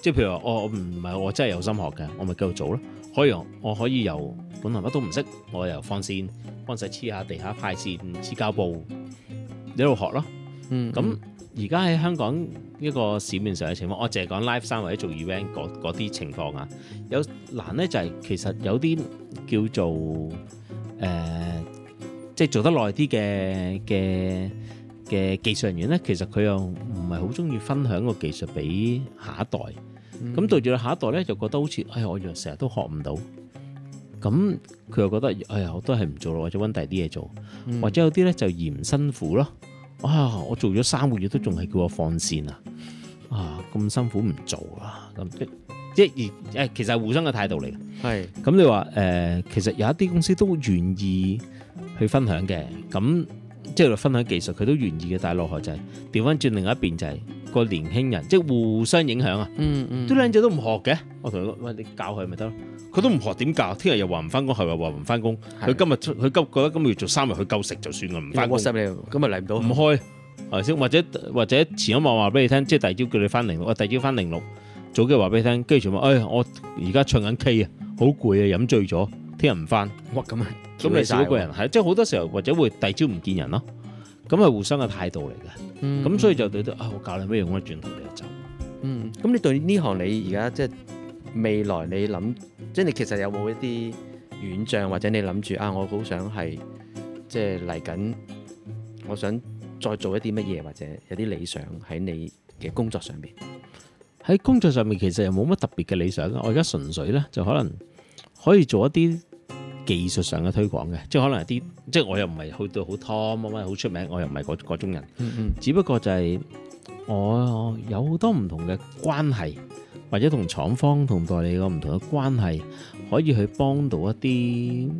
S2: 即係譬如話，我唔係我真係有心學嘅，我咪繼續做咯。可以，我可以由本來乜都唔識，我又放線，幫手黐下地下派線，黐膠布，你喺度學咯。咁而家喺香港一個市面上嘅情況，我淨係講 live sound 或者做 event 嗰啲情況啊，有難咧就係其實有啲叫做誒。呃即係做得耐啲嘅嘅嘅技術人員咧，其實佢又唔係好中意分享個技術俾下一代。咁對住佢下一代咧，就覺得好似，哎呀，我又成日都學唔到。咁佢又覺得，哎呀，我都係唔做啦，或者揾第啲嘢做，或者有啲咧就嫌辛苦咯。啊，我做咗三個月都仲係叫我放線啊，啊，咁辛苦唔做啦。咁即係而誒，其實係互相嘅態度嚟嘅。係。咁你話誒，其實有一啲公司都願意。去分享嘅，咁即係分享技術，佢都願意嘅。但係大陸就係調翻轉，另外一邊就係個年輕人，即係互相影響啊。嗯嗯，啲靚仔都唔學嘅，我同佢：喂，你教佢咪得咯？佢都唔學，點教？聽日又話唔翻工，係咪話唔翻工。佢今日出，佢今覺得今個月做三日，佢夠食就算啦，唔翻。我收你，今日嚟唔到，唔開。或者或者前一晚話俾你聽，即係第二朝叫你翻零六，我第二朝翻零六，早幾日話俾你聽，跟住全部哎，我而家唱緊 K 啊，好攰啊，飲醉咗，聽日唔翻。哇，咁啊！咁你少個人，係即係好多時候或者會第二朝唔見人咯，咁係、嗯、互相嘅態度嚟嘅，咁、嗯、
S1: 所以就對得啊、嗯哎，我教你咩用？我轉頭你就走。嗯，咁你對呢行你而家即係未來你諗，即係你其實有冇一啲遠象，或者你諗住啊，我好想係即係嚟緊，我想再做一啲乜嘢，或者有啲理想喺你嘅工作上邊？
S2: 喺工作上面其實又冇乜特別嘅理想，我而家純粹咧就可能可以做一啲。技術上嘅推廣嘅，即係可能啲，即係我又唔係去到好 Tom 乜乜好出名，我又唔係嗰種人。嗯嗯、只不過就係、係、我，我有好多唔同嘅關係，或者同廠方同代理有唔同嘅關係，可以去幫到一啲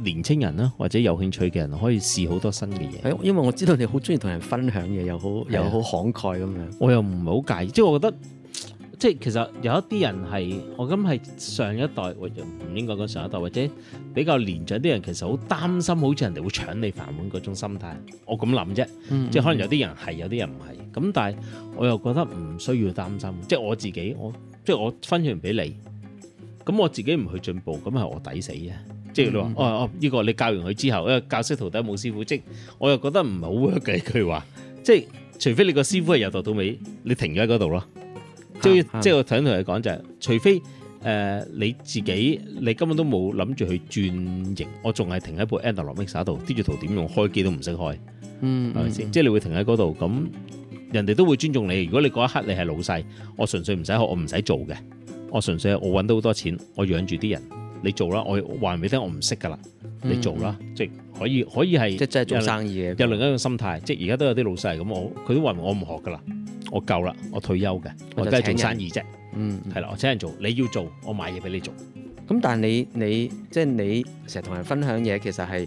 S2: 年青人啦，或者有興趣嘅人可以試好多新嘅嘢。因為我知道你好中意同人分享嘢，又好 Yeah, 又好慷慨咁樣。我又唔係好介意，即係我覺得。即係其實有一啲人係，我諗係上一代或者唔應該講上一代，或者比較年長啲人，其實好擔心，好似人哋會搶你飯碗嗰種心態。我咁諗啫，嗯嗯，即係可能有啲人係，有啲人唔係。咁但係我又覺得唔需要擔心。即係我自己，我即係我分享俾你，咁我自己唔去進步，咁係我抵死啊！即係你話哦、嗯嗯、哦，呢個你教完佢之後，因為教識徒弟冇師傅，即我又覺得唔係好 work 嘅一句話。即係除非你個師傅係由頭到尾，你停咗喺嗰度咯。即係即係我想同你講就係，除非誒、呃、你自己你根本都冇諗住去轉型，我仲係停喺部 analog mixer 度，digital 點用開機都唔識開，係咪先？即係你會停喺嗰度，咁人哋都會尊重你。如果你嗰一刻你係老細，我純粹唔使學，我唔使做嘅，我純粹我揾到好多錢，我養住啲人，你做啦。我話俾你聽，我唔識㗎啦，你做啦，嗯嗯即可以，可以係，即係做生意嘅，有另一種心態。即係而家都有啲老細咁，我佢都話我唔學㗎喇，我夠啦，我退休嘅，請我都係做生意啫、嗯。
S1: 嗯，係啦，我請人做，你要做，我買嘢俾你做。咁但係你你即係、就是、你成日同人分享嘢，其實係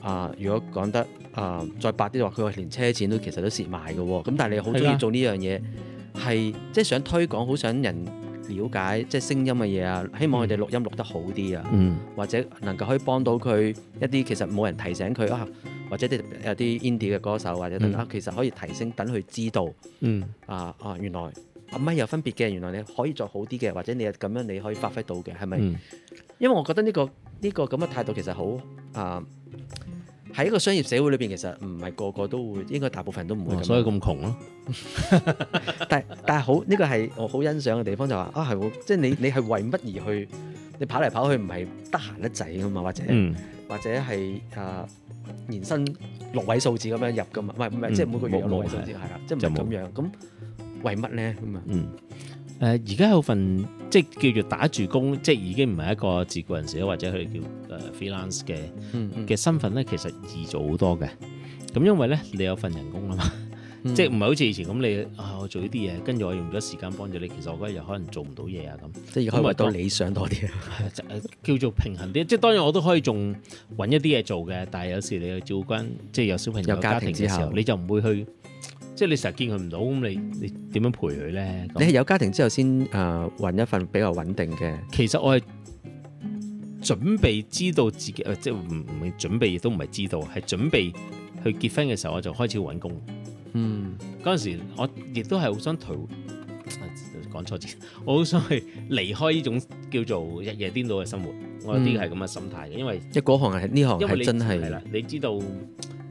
S1: 啊、呃，如果講得啊、呃、再白啲話，佢話連車錢都其實都蝕埋嘅喎。咁但係你好中意做呢樣嘢，係的即係想推廣，好想人。了解即係聲音嘅嘢啊，希望佢哋錄音錄得好啲、嗯、啊，或者能夠可以幫到佢一啲，其實冇人提醒佢啊，或者啲有啲 indie 嘅歌手或者等等，其實可以提升等佢知道啊、嗯、啊，原來啊咪有分別嘅，原來你可以做好啲嘅，或者你咁樣你可以發揮到嘅，係咪？嗯、因為我覺得呢、這個呢、這個咁嘅態度其實好啊。喺一個商業社會裏邊，其實唔係個個都會，應該大部分人都唔會咁、哦，所以咁窮咯、啊。 但但係好呢個係我好欣賞嘅地方就話、是、啊係喎，即係、就是、你你係為乜而去？你跑嚟跑去唔係得閒得滯噶嘛，或者、嗯、或者係啊延伸六位數字咁樣入噶嘛，唔係唔係即係每個月有六位數字係啦，即係唔係咁樣咁為乜咧咁啊？
S2: 誒而家有份即係叫做打住工，即係已經唔係一個自雇人士或者佢哋叫誒 freelance 嘅嘅身份咧，其實易做好多嘅。咁、嗯嗯、因為咧，你有份人工啊嘛，嗯、即係唔係好似以前咁你啊、哦，我做呢啲嘢，跟住我用咗時間幫咗你，其實我嗰日可能做唔到嘢啊咁。即係可以為到多理想多啲啊，就 叫做平衡啲。 即係當然我都可以仲揾一啲嘢做嘅，但係有時你去做緊即係有小朋友、有家庭嘅時候，你就唔會去。即係你成日見佢唔到，咁你你點樣陪佢咧？你係有
S1: 家庭之後先誒揾一份比較穩定嘅。其實我係準備知道
S2: 自己，即係唔唔準備亦都唔係知道，係準備去結婚嘅時候我就開始揾工。嗯，嗰陣時我亦都係好想退，講錯字，我好想係離開呢種叫做日夜顛倒嘅生活。我有啲係咁嘅心態嘅，因為即嗰行係呢行係真係。係啦，你知道。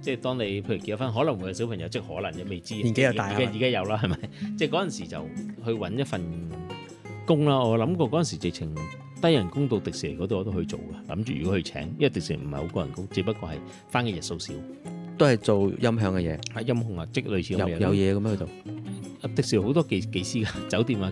S2: 即係當你譬如結婚，可能會有小朋友，即係可能你未知。年紀又大，嘅，而家有啦，係咪？ 即係嗰陣時就去揾一份工啦。我諗過嗰陣時直情低人工到迪士尼嗰度我都去做嘅，諗住如果去請，因為迪士尼唔係好高人工，只不過係返嘅日數少。都係做音響嘅嘢。喺、啊、音控啊，即係類似咁樣。有有嘢咁咩？佢度迪士尼好多技技師嘅，酒店啊，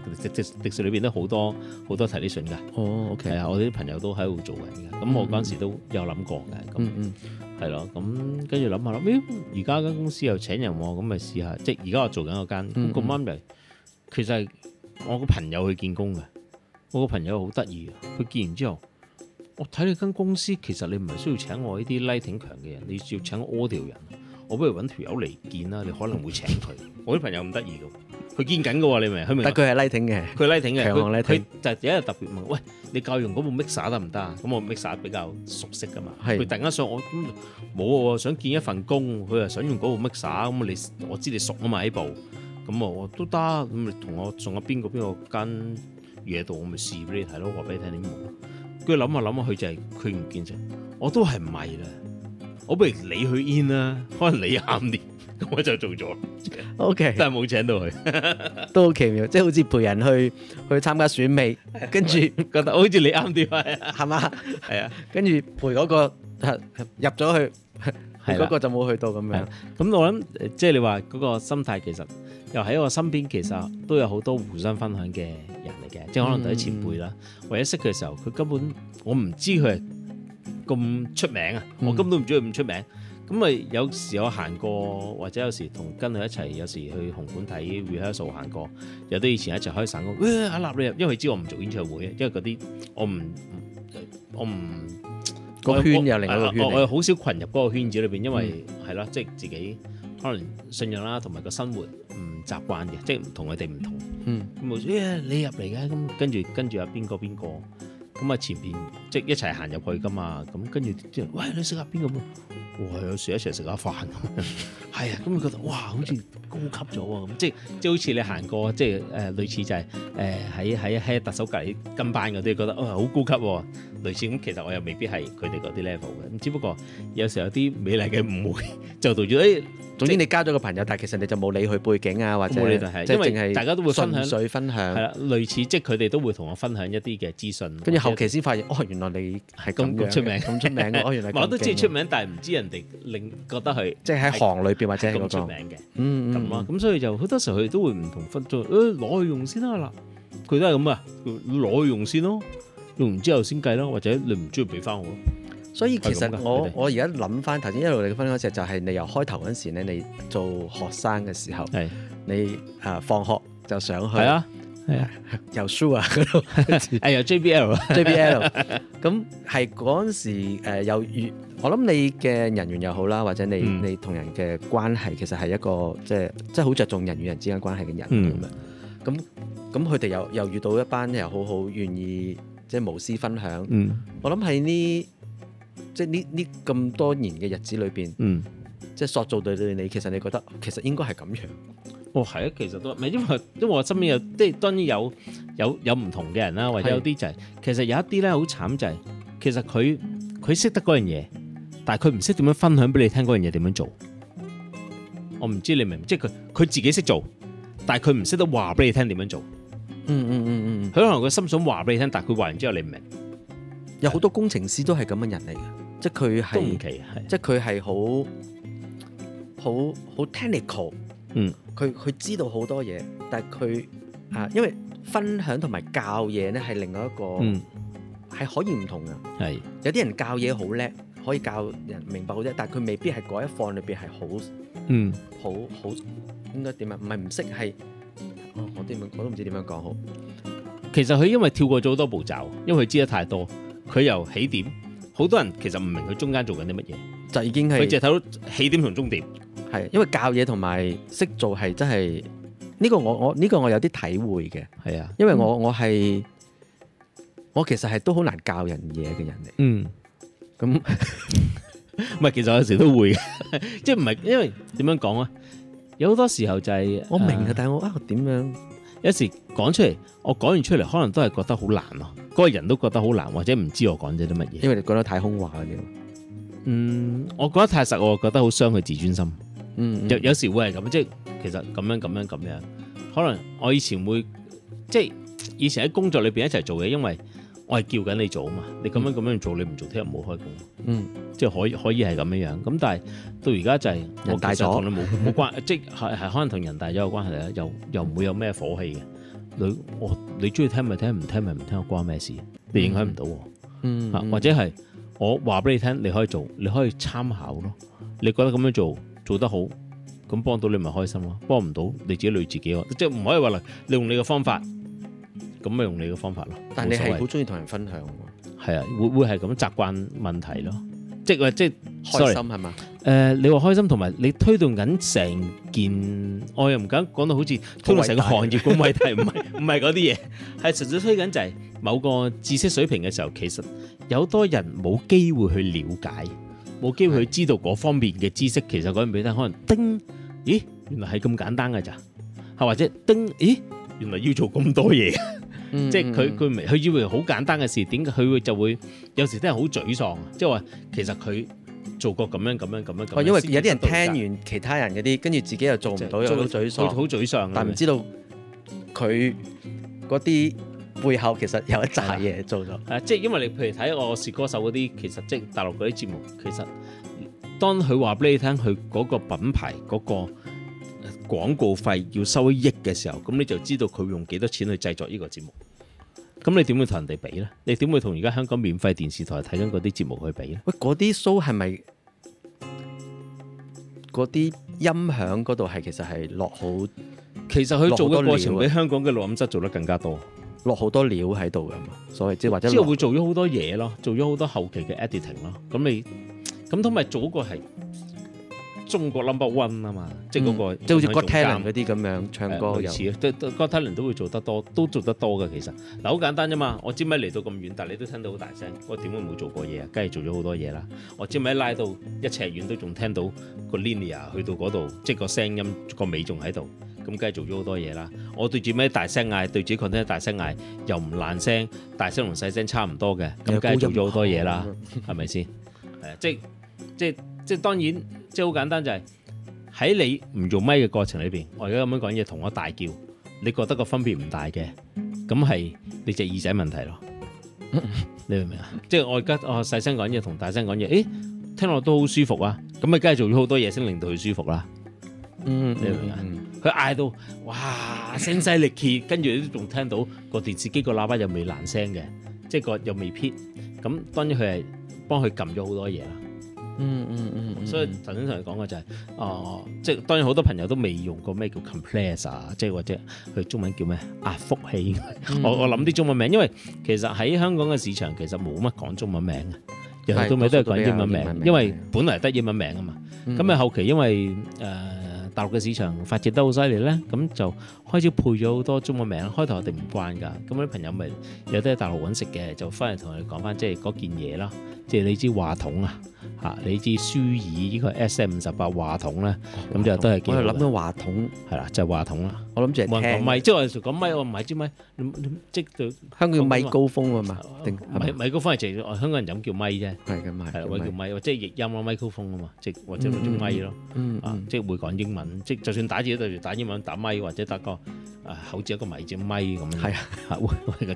S2: 迪士尼裏邊都好多好多提理順嘅。哦，OK，係啊，我哋啲朋友都喺度做緊嘅。咁我嗰陣時都、嗯、有諗過嘅、嗯。嗯嗯。係咯，咁跟住諗下諗，咦？而家間公司又請人喎，咁咪試下。即係而家我在做緊嗰間，咁咁啱又其實係我個朋友去見工嘅。我個朋友好得意啊，佢見完之後，我睇你間公司，其實你唔係需要請我呢啲 lighting 強嘅人，你要請 audio 人。我不如揾條友嚟見啦，你可能會請佢。我啲朋友咁得意嘅，佢見緊㗎喎，你明？佢明？但佢
S1: 係拉挺嘅，佢拉挺嘅。強項拉挺。
S2: 佢就有一日特別問，喂，你教用嗰部 mixer 得唔得啊？咁我 mixer 比較熟悉㗎嘛。係。佢突然間想我冇喎，我想見一份工。佢話想用嗰部 mixer，咁你我知你熟啊嘛呢部。咁我我都得，咁你同我仲有邊個邊個間嘢度，我咪試俾你睇咯，話俾你聽點冇。佢諗下諗下，佢就係佢唔見啫。我都係唔係啦。我不如你去 in 啦、啊，可能你啱啲，咁我就做咗。
S1: O Okay , K，但係冇請到佢， 都好奇妙，即、就、係、是、好似陪人去去參加選美，的跟住覺得好似你啱啲啊，係嘛的？係啊的，跟住陪嗰個入咗去，嗰的個就冇去到咁樣。咁的的我諗，即、就、係、
S2: 是、你話嗰個心態，其實又喺我身邊，其實都有好多互相分享嘅人嚟嘅，即係、嗯、可能第一前輩啦，或者識嘅時候，佢根本我唔知佢。咁出名啊！我根本都唔中意咁出名。咁咪，有時我行過，或者有時同跟佢一齊，有時去紅館睇 rehearsal 行過，有啲以前一齊開散工。阿立你入，因為你知我唔做演唱會，因為嗰啲我唔我唔個圈又另外一個圈。我好少羣入嗰個圈子裏邊，因為係咯，即係自己可能信仰啦，同埋個生活唔習慣嘅，即係唔同佢哋唔同。嗯，冇錯啊，你入嚟嘅咁，跟住跟住有邊個邊個？咁啊，前邊即、就是、一齊行入去噶嘛，咁跟住即係，喂，你識下邊個冇？哇！有時一齊食下飯咁，係啊，咁佢覺得哇，好似高級咗啊咁，即係即係好似你行過，即係誒類似就係誒喺喺喺特首隔籬跟班嗰啲，覺得哇好高級喎，類似咁其實我又未必係佢哋嗰啲 level 嘅，只不過有時候有啲美麗嘅誤會，就導致咗。總之你交咗個朋
S1: 友，但係其實你就冇理佢背景啊，或者即係淨係大家都會分享、水分享係啦。
S2: 類似即係佢哋都會同我分享一啲嘅資訊，跟住後期
S1: 先發現哦，原來你係咁出名、咁出名嘅。我原來我都知出
S2: 名，但係唔知人。令覺得佢，即喺行裏邊或者嗰個咁出名嘅，嗯咁啊，咁所以就好多時候佢都會唔同分組，攞去用先啦啦，佢都係咁
S1: 啊，攞去用先咯、啊，用完之後先計咯，或者你唔中意俾翻我咯。所以其實我我而家諗翻頭先一路你嘅分享嗰隻，就係你由開頭嗰時咧，你做學生嘅時候，係的你誒放學就上去。係啊，又 Shure 嗰度，係又 JBL，JBL。咁係嗰陣時誒，又遇我諗你嘅人緣又好啦，或者你、嗯、你同人嘅關係，其實係一個即係即係好着重人與人之間關係嘅人咁啊。咁咁佢哋又又遇到一班又好好願意即係、就是、無私分享。嗯、我諗喺呢即係呢呢咁多年嘅日子裏邊，嗯，即係塑造到你，其實你覺得其實應該係咁樣。係啊、哦，其實都，咪因為，因為我身邊有，即係當然有有
S2: 有唔同嘅人啦，或者有啲就係、是，是的 其實有一啲咧好慘就係、是，其實佢佢識得嗰樣嘢，但係佢唔識點樣分享俾你聽嗰樣嘢點樣做。我唔知你明唔明，即係佢佢自己識做，但係佢唔識得話俾你聽點樣做。嗯嗯
S1: 嗯嗯，佢、嗯嗯、可能個心想話俾你聽，但係佢話完之後你唔明。有好多工程師都係咁樣人嚟嘅，的即係佢係，奇即係佢係好好好 technical，嗯。佢佢知道好多嘢，但係佢啊，因為分享同埋教嘢咧係另外一
S2: 個，
S1: 係可以唔同嘅。係有啲人教嘢好叻，可以教人明白好啲，但係佢未必係嗰一課裏邊係好嗯好好應該點啊？唔係唔識，係我我都唔我都唔知點樣講好。
S2: 其實佢因為跳過咗好多步驟，因為佢知得太多，佢由起點，好多人其實
S1: 唔明佢中間做緊啲乜嘢，就已經係佢淨係睇到起點同終點。係，因為教嘢同埋識做係真係呢個我我呢個我有啲體會嘅，係啊，因為我我係我其實係都好難教人嘢嘅人嚟。嗯，咁唔係，其實有時都會嘅，即係唔係因為點樣講啊？
S2: 有好多時候就係我明啊，但係我啊，點樣？有時講出嚟，我講完出嚟，可能都係覺得好難咯，嗰個人都覺得好難，或者唔知我講咗啲乜嘢，因為你講得太空話嘅，嗯，我覺得太實，我覺得好傷佢自尊心。嗯，有、嗯、有時會係咁，即係其實咁樣咁樣咁樣、樣。可能我以前會即係以前喺工作裏邊一齊做嘢，因為我係叫緊你做啊嘛。你咁樣咁樣做，嗯、你唔做聽日冇開工。嗯，即係可可以係咁樣樣咁，但係到而家就係我大咗，冇冇關，即係係可能同人大咗有關係啦。又又唔會有咩火氣嘅。你我你中意聽咪聽不，唔聽咪唔聽，關咩事？你影響唔到我，嗯。嗯，或者係我話俾你聽，你可以做，你可以參考咯。你覺得咁樣做？做得好，咁幫到你咪開心咯。幫唔到你自己累自己咯。即係唔可以話，你用你嘅方法，咁咪用你嘅方法咯。但係你係好中意同人分享。係啊，會會係咁習慣問題咯。即係話即係開心係嘛？誒，你話開心同埋你推動緊成件我又唔敢講到好似推動成個行業咁。問題，唔係唔係嗰啲嘢，係純粹推緊就係某個知識水平嘅時候，其實有多人冇機會去了解。冇機會佢知道嗰方面嘅知識，其實嗰陣時咧，可能叮，咦，原來係咁簡單㗎咋？係或者叮，咦，原來要做咁多嘢，即係佢佢未，佢以為好簡單嘅事，點解佢會就會有時真係好沮喪？即係話其實佢做過咁樣咁樣咁樣，哦，因為有啲人聽完
S1: 其他人嗰啲，跟住自己又做唔到，做到好沮喪，好沮喪，但唔知道佢嗰啲。背後其實有一紮嘢做咗，
S2: 誒，即係因為你譬如睇我是歌手嗰啲，其實即係大陸嗰啲節目，其實當佢話俾你聽佢嗰個品牌嗰個廣告費要收一億嘅時候，咁你就知道佢用幾多錢去製作呢個節目。咁你點會同人哋比呢？你點會同而家香港免費電視台睇緊嗰啲節目去比呢？喂，
S1: 嗰啲 show 係咪嗰啲音響嗰度係其實係落好？其實佢做嘅過程比香港嘅錄音室做得更加多。落好多料喺度㗎嘛，所以即係或者之後會
S2: 做咗好多嘢咯，做咗好多後
S1: 期嘅 editing 咯，
S2: 咁你咁同埋做個係。中國 number one 啊嘛，嗯、即係嗰個中中，即係好似 Got Talent 嗰啲咁樣唱歌又，都都 Got Talent 都會做得多，都做得多嘅其實。嗱好簡單啫嘛，我支咪嚟到咁遠，但係你都聽到好大聲。我點會冇做過嘢啊？梗係做咗好多嘢啦。我支咪拉到一尺遠都仲聽到個 linear 去到嗰度，嗯、即係個聲音個尾仲喺度，咁梗係做咗好多嘢啦。我對住咪大聲嗌，對住咪大聲嗌，又唔爛聲，大聲同細聲差唔多嘅，咁梗係做咗好多嘢啦，係咪先？誒，即係即係。即係當然，即係好簡單、就是，就係喺你唔做咪嘅過程裏邊，我而家咁樣講嘢，同我大叫，你覺得個分別唔大嘅，咁係你隻耳仔問題咯。你明唔明啊？ 即係我而家啊細聲講嘢同大聲講嘢，誒聽落都好舒服啊。咁啊，梗係做咗好多嘢先令到佢舒服啦。嗯，你明唔明？佢嗌、嗯、到哇聲勢力竭，跟住你都仲聽到個電視機個喇叭又未難聲嘅，即係個又未撇。e 咁當然佢係幫佢撳咗好多嘢啦。
S1: 嗯嗯嗯，嗯嗯嗯所以頭
S2: 先同你講嘅就係、是，哦、呃，即係當然好多朋友都未用過咩叫 compress 啊，即係或者佢中文叫咩壓、啊、福器、嗯，我我諗啲中文名，因為其實喺香港嘅市場其實冇乜講中文名嘅，
S1: 入到尾都係講英文名，因為
S2: 本來得英文名啊嘛，咁啊後期因為誒、呃、大陸嘅市場發展得好犀利咧，咁就開始配咗好多中文名，開頭我哋唔慣㗎，咁啲朋友咪有啲喺大陸揾食嘅，就翻嚟同佢哋講翻即係嗰件嘢啦。即係你支話筒啊，嚇！你支舒爾呢個 S M 五十八話筒啦。咁就都係。我係諗緊話筒，係啦，就話筒啦。我諗住聽，唔係即係我講咪，我唔係支咪，即係香港叫咪高峰啊嘛，咪咪高峰係直，香港人飲叫咪啫。係叫咪，即係譯音咯，咪高峰啊嘛，即係或者嗰咪咯。即係會講英文，即係就算打字都打英文，打咪或者打個啊口字一個咪，字咪咁。係啊，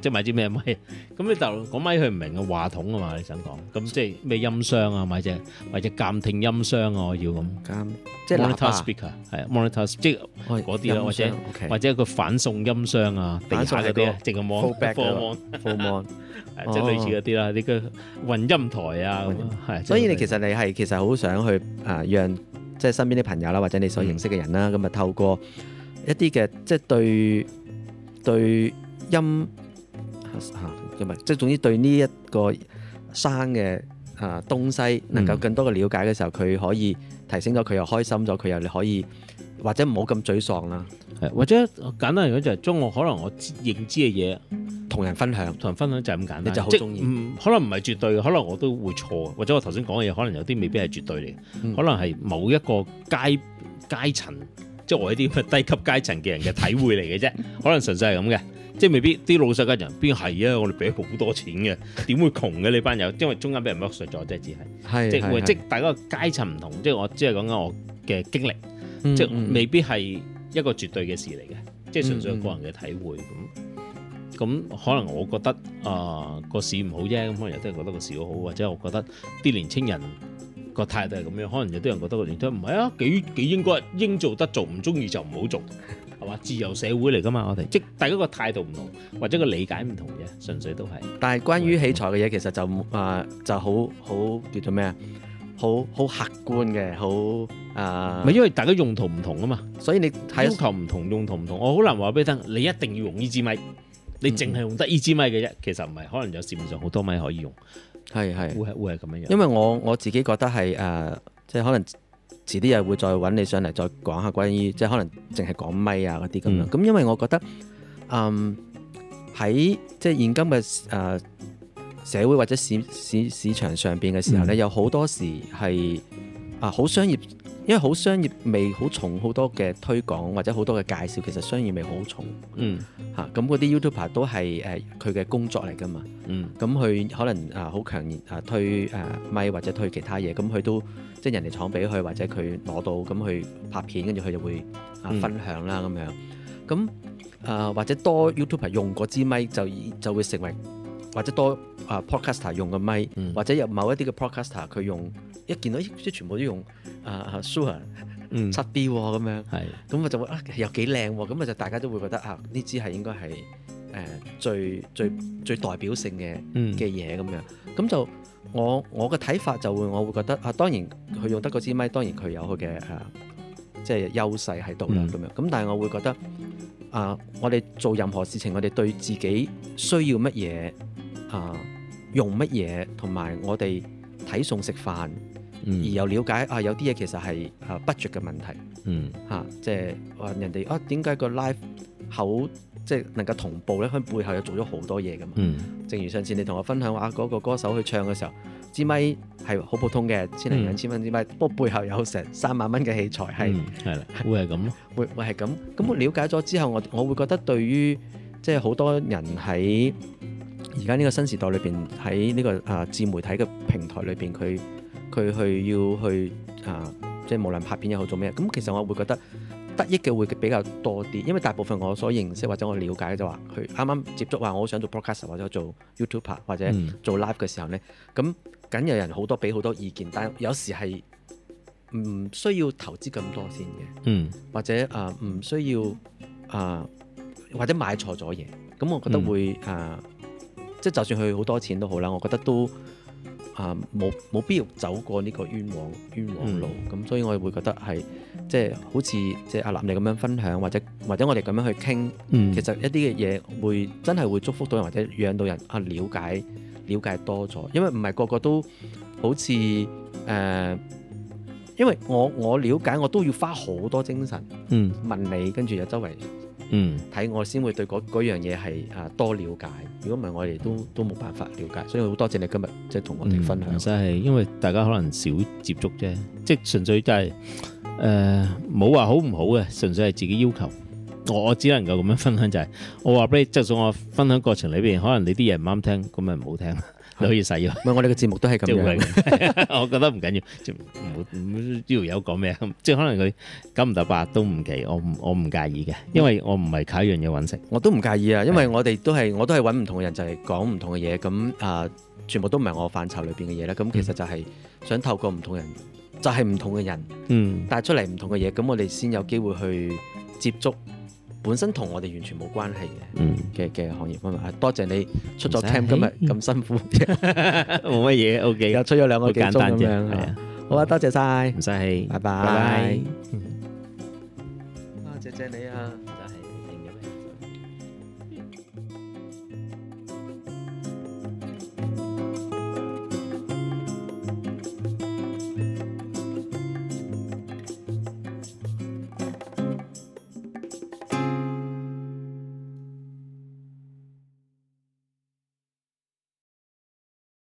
S2: 即係買支咩咪？咁你大陸講咪佢唔明啊，話筒啊嘛，你想講即係咩音箱啊，或者或者監聽音箱啊，我要咁。監即係 monitor speaker，係啊，monitor 即係嗰啲啦，或者或者一個反送音箱啊，反送嗰啲啊，淨係 mon。Follow back 嘅啦。Follow on，即係類似嗰啲啦，啲嘅混音台啊，係。所
S1: 以你其實你係其實好想去啊，讓即係身邊啲朋友啦，或者你所認識嘅人啦，咁啊透過一啲嘅即係對對音嚇，唔係即係總之對呢一個。生嘅啊東西，能夠更多嘅了解嘅時候，佢、嗯、可以提升咗，佢又開心咗，佢又你可以或者唔好咁沮喪啦，或
S2: 者，麼了或者簡單嚟講就係、是、將我可能我認知嘅嘢同人分享，同人分享就係咁簡單，你就好中意。可能唔係絕對可能我都會錯，或者我頭先講嘅嘢，可能有啲未必係絕對嚟，嗯、可能係某一個階階層，即、就、係、是、我呢啲低級階層嘅人嘅體會嚟嘅啫， 可能純粹係咁嘅。即係未必啲老實嘅人邊係啊！我哋俾好多錢嘅，點會窮嘅呢班友？ 因為中間俾人剝削咗，即係只係，是 即係
S1: 是是 即即係
S2: 大家個階層唔同。即係我即係講緊我嘅經歷，嗯嗯即係未必係一個絕對嘅事嚟嘅。即係純粹個人嘅體會咁。咁、嗯嗯、可能我覺得啊個、呃、市唔好啫，咁可能又真係覺得個市好，或者我覺得啲年青人。個態度係咁樣的，可能有啲人覺得個年都唔係啊，幾幾應該應做得做，唔中意就唔好做，係嘛？自由社會嚟噶嘛，我哋即大家個態度唔同，或者個理解唔同嘅，純粹都係。
S1: 但係關於器材嘅嘢，其實就啊、呃、就好好叫做咩啊，好好客觀嘅，好啊，唔、呃、因為大家用途唔同啊嘛，
S2: 所以你要求唔同，用途唔同，我好難話俾你聽，你一定要用依支咪，你淨係用得依
S1: 支咪嘅啫，其實
S2: 唔係，可能有市面上
S1: 好多咪可以用。係係，會係會係咁樣樣。因為我我自己覺得係誒、呃，即係可能遲啲又會再揾你上嚟再講下關於，即係可能淨係講咪啊嗰啲咁樣。咁、嗯、因為我覺得，嗯，喺即係現今嘅誒、呃、社會或者市市市場上邊嘅時候咧，嗯、有好多時係。啊，好商業，因為好商業味好重，好多嘅推廣或者好多嘅介紹，其實商業味好重。嗯。嚇、啊，咁嗰啲 YouTuber 都係誒佢嘅工作嚟噶嘛。嗯。咁佢、嗯、可能啊好、呃、強烈啊、呃、推誒咪、呃、或者推其他嘢，咁、嗯、佢都即係人哋廠俾佢或者佢攞到咁去拍片，跟住佢就會啊、呃嗯、分享啦咁樣。咁、嗯、啊、呃、或者多 YouTuber 用嗰支咪，就就會成為。或者多啊，Podcaster 用嘅咪，或者有某一啲嘅 Podcaster 佢用，嗯、一見到即全部都用啊 Shure 7B 喎咁樣，咁我就話啊，又幾靚喎，咁咪就大家都會覺得啊，呢支係應該係誒、啊、最最最代表性嘅嘅嘢咁樣，咁就我我嘅睇法就會我會覺得啊，當然佢用得嗰支咪，當然佢有佢嘅誒即係優勢喺度啦咁樣，咁、嗯、但係我會覺得啊，我哋做任何事情，我哋對自己需要乜嘢？啊，用乜嘢同埋我哋睇餸食飯，嗯、而又了解啊，有啲嘢其實係啊 budget 嘅問題。嗯，嚇，即係話人哋啊，點、就、解、是啊、個 live 口即係、就是、能夠同步呢？佢背後又做咗好多嘢噶嘛。嗯，正如上次你同我分享話，嗰、啊那個歌手去唱嘅時候，支咪係好普通嘅，千零兩千蚊支咪,咪，不過、嗯、背後有成三萬蚊嘅器材係。係啦、嗯。會係咁咯。會會係咁。咁我了解咗之後，我我會覺得對於即係好多人喺。而家呢個新時代裏邊，喺呢個啊自媒體嘅平台裏邊，佢佢去要去啊，即係無論拍片又好做咩，咁其實我會覺得得益嘅會比較多啲，因為大部分我所認識或者我了解就話，佢啱啱接觸話我想做 podcast 或者做 YouTube 或者做 live 嘅時候呢，咁梗、嗯、有人好多俾好多意見，但有時係唔需要投資咁多先嘅，嗯或、呃呃，或者啊唔需要啊或者買錯咗嘢，咁我覺得會啊。嗯呃即就算佢好多錢都好啦，我覺得都啊冇冇必要走過呢個冤枉冤枉路，咁、嗯、所以我會覺得係即係好似即阿林你咁樣分享，或者或者我哋咁樣去傾，嗯、其實一啲嘅嘢會真係會祝福到人，或者養到人啊，瞭解瞭解多咗，因為唔係個個都好似誒、呃，因為我我瞭解我都要花好多精神問你，跟住又周圍。嗯，睇我先會對嗰樣嘢係啊多了解。如果唔係，我哋都都冇辦法了解。所以好多謝你今日即係同我
S2: 哋分享。真係、嗯，因為大家可能少接觸啫，即係純粹就係誒冇話好唔好嘅，純粹係自己要求。我我只能夠咁樣分享就係、是，我話俾你，即係我分享過程裏面，可能你啲嘢唔啱聽，咁咪唔好聽。可以使咗。唔係我哋個節目都係咁樣， 我覺得唔緊要，即唔好唔知條友講咩，即係可能佢九唔搭八都唔奇，我唔我唔介意嘅，因
S1: 為我唔係靠一樣嘢揾食。我都唔介意啊，因為我哋都係的我都係揾唔同嘅人、呃、人，就係講唔同嘅嘢，咁啊全部都唔係我範疇裏邊嘅嘢啦。咁其實就係想透過唔同人，就係唔同嘅人帶出嚟唔同嘅嘢，咁我哋先有機會去接觸。本身同我哋完全冇關係嘅嘅嘅行業啊嘛，多謝你出咗廳，今日咁辛苦，冇乜嘢，OK，而家出咗兩個幾鐘咁樣，好啊，多謝晒，唔使氣，拜拜，啊，多謝你啊！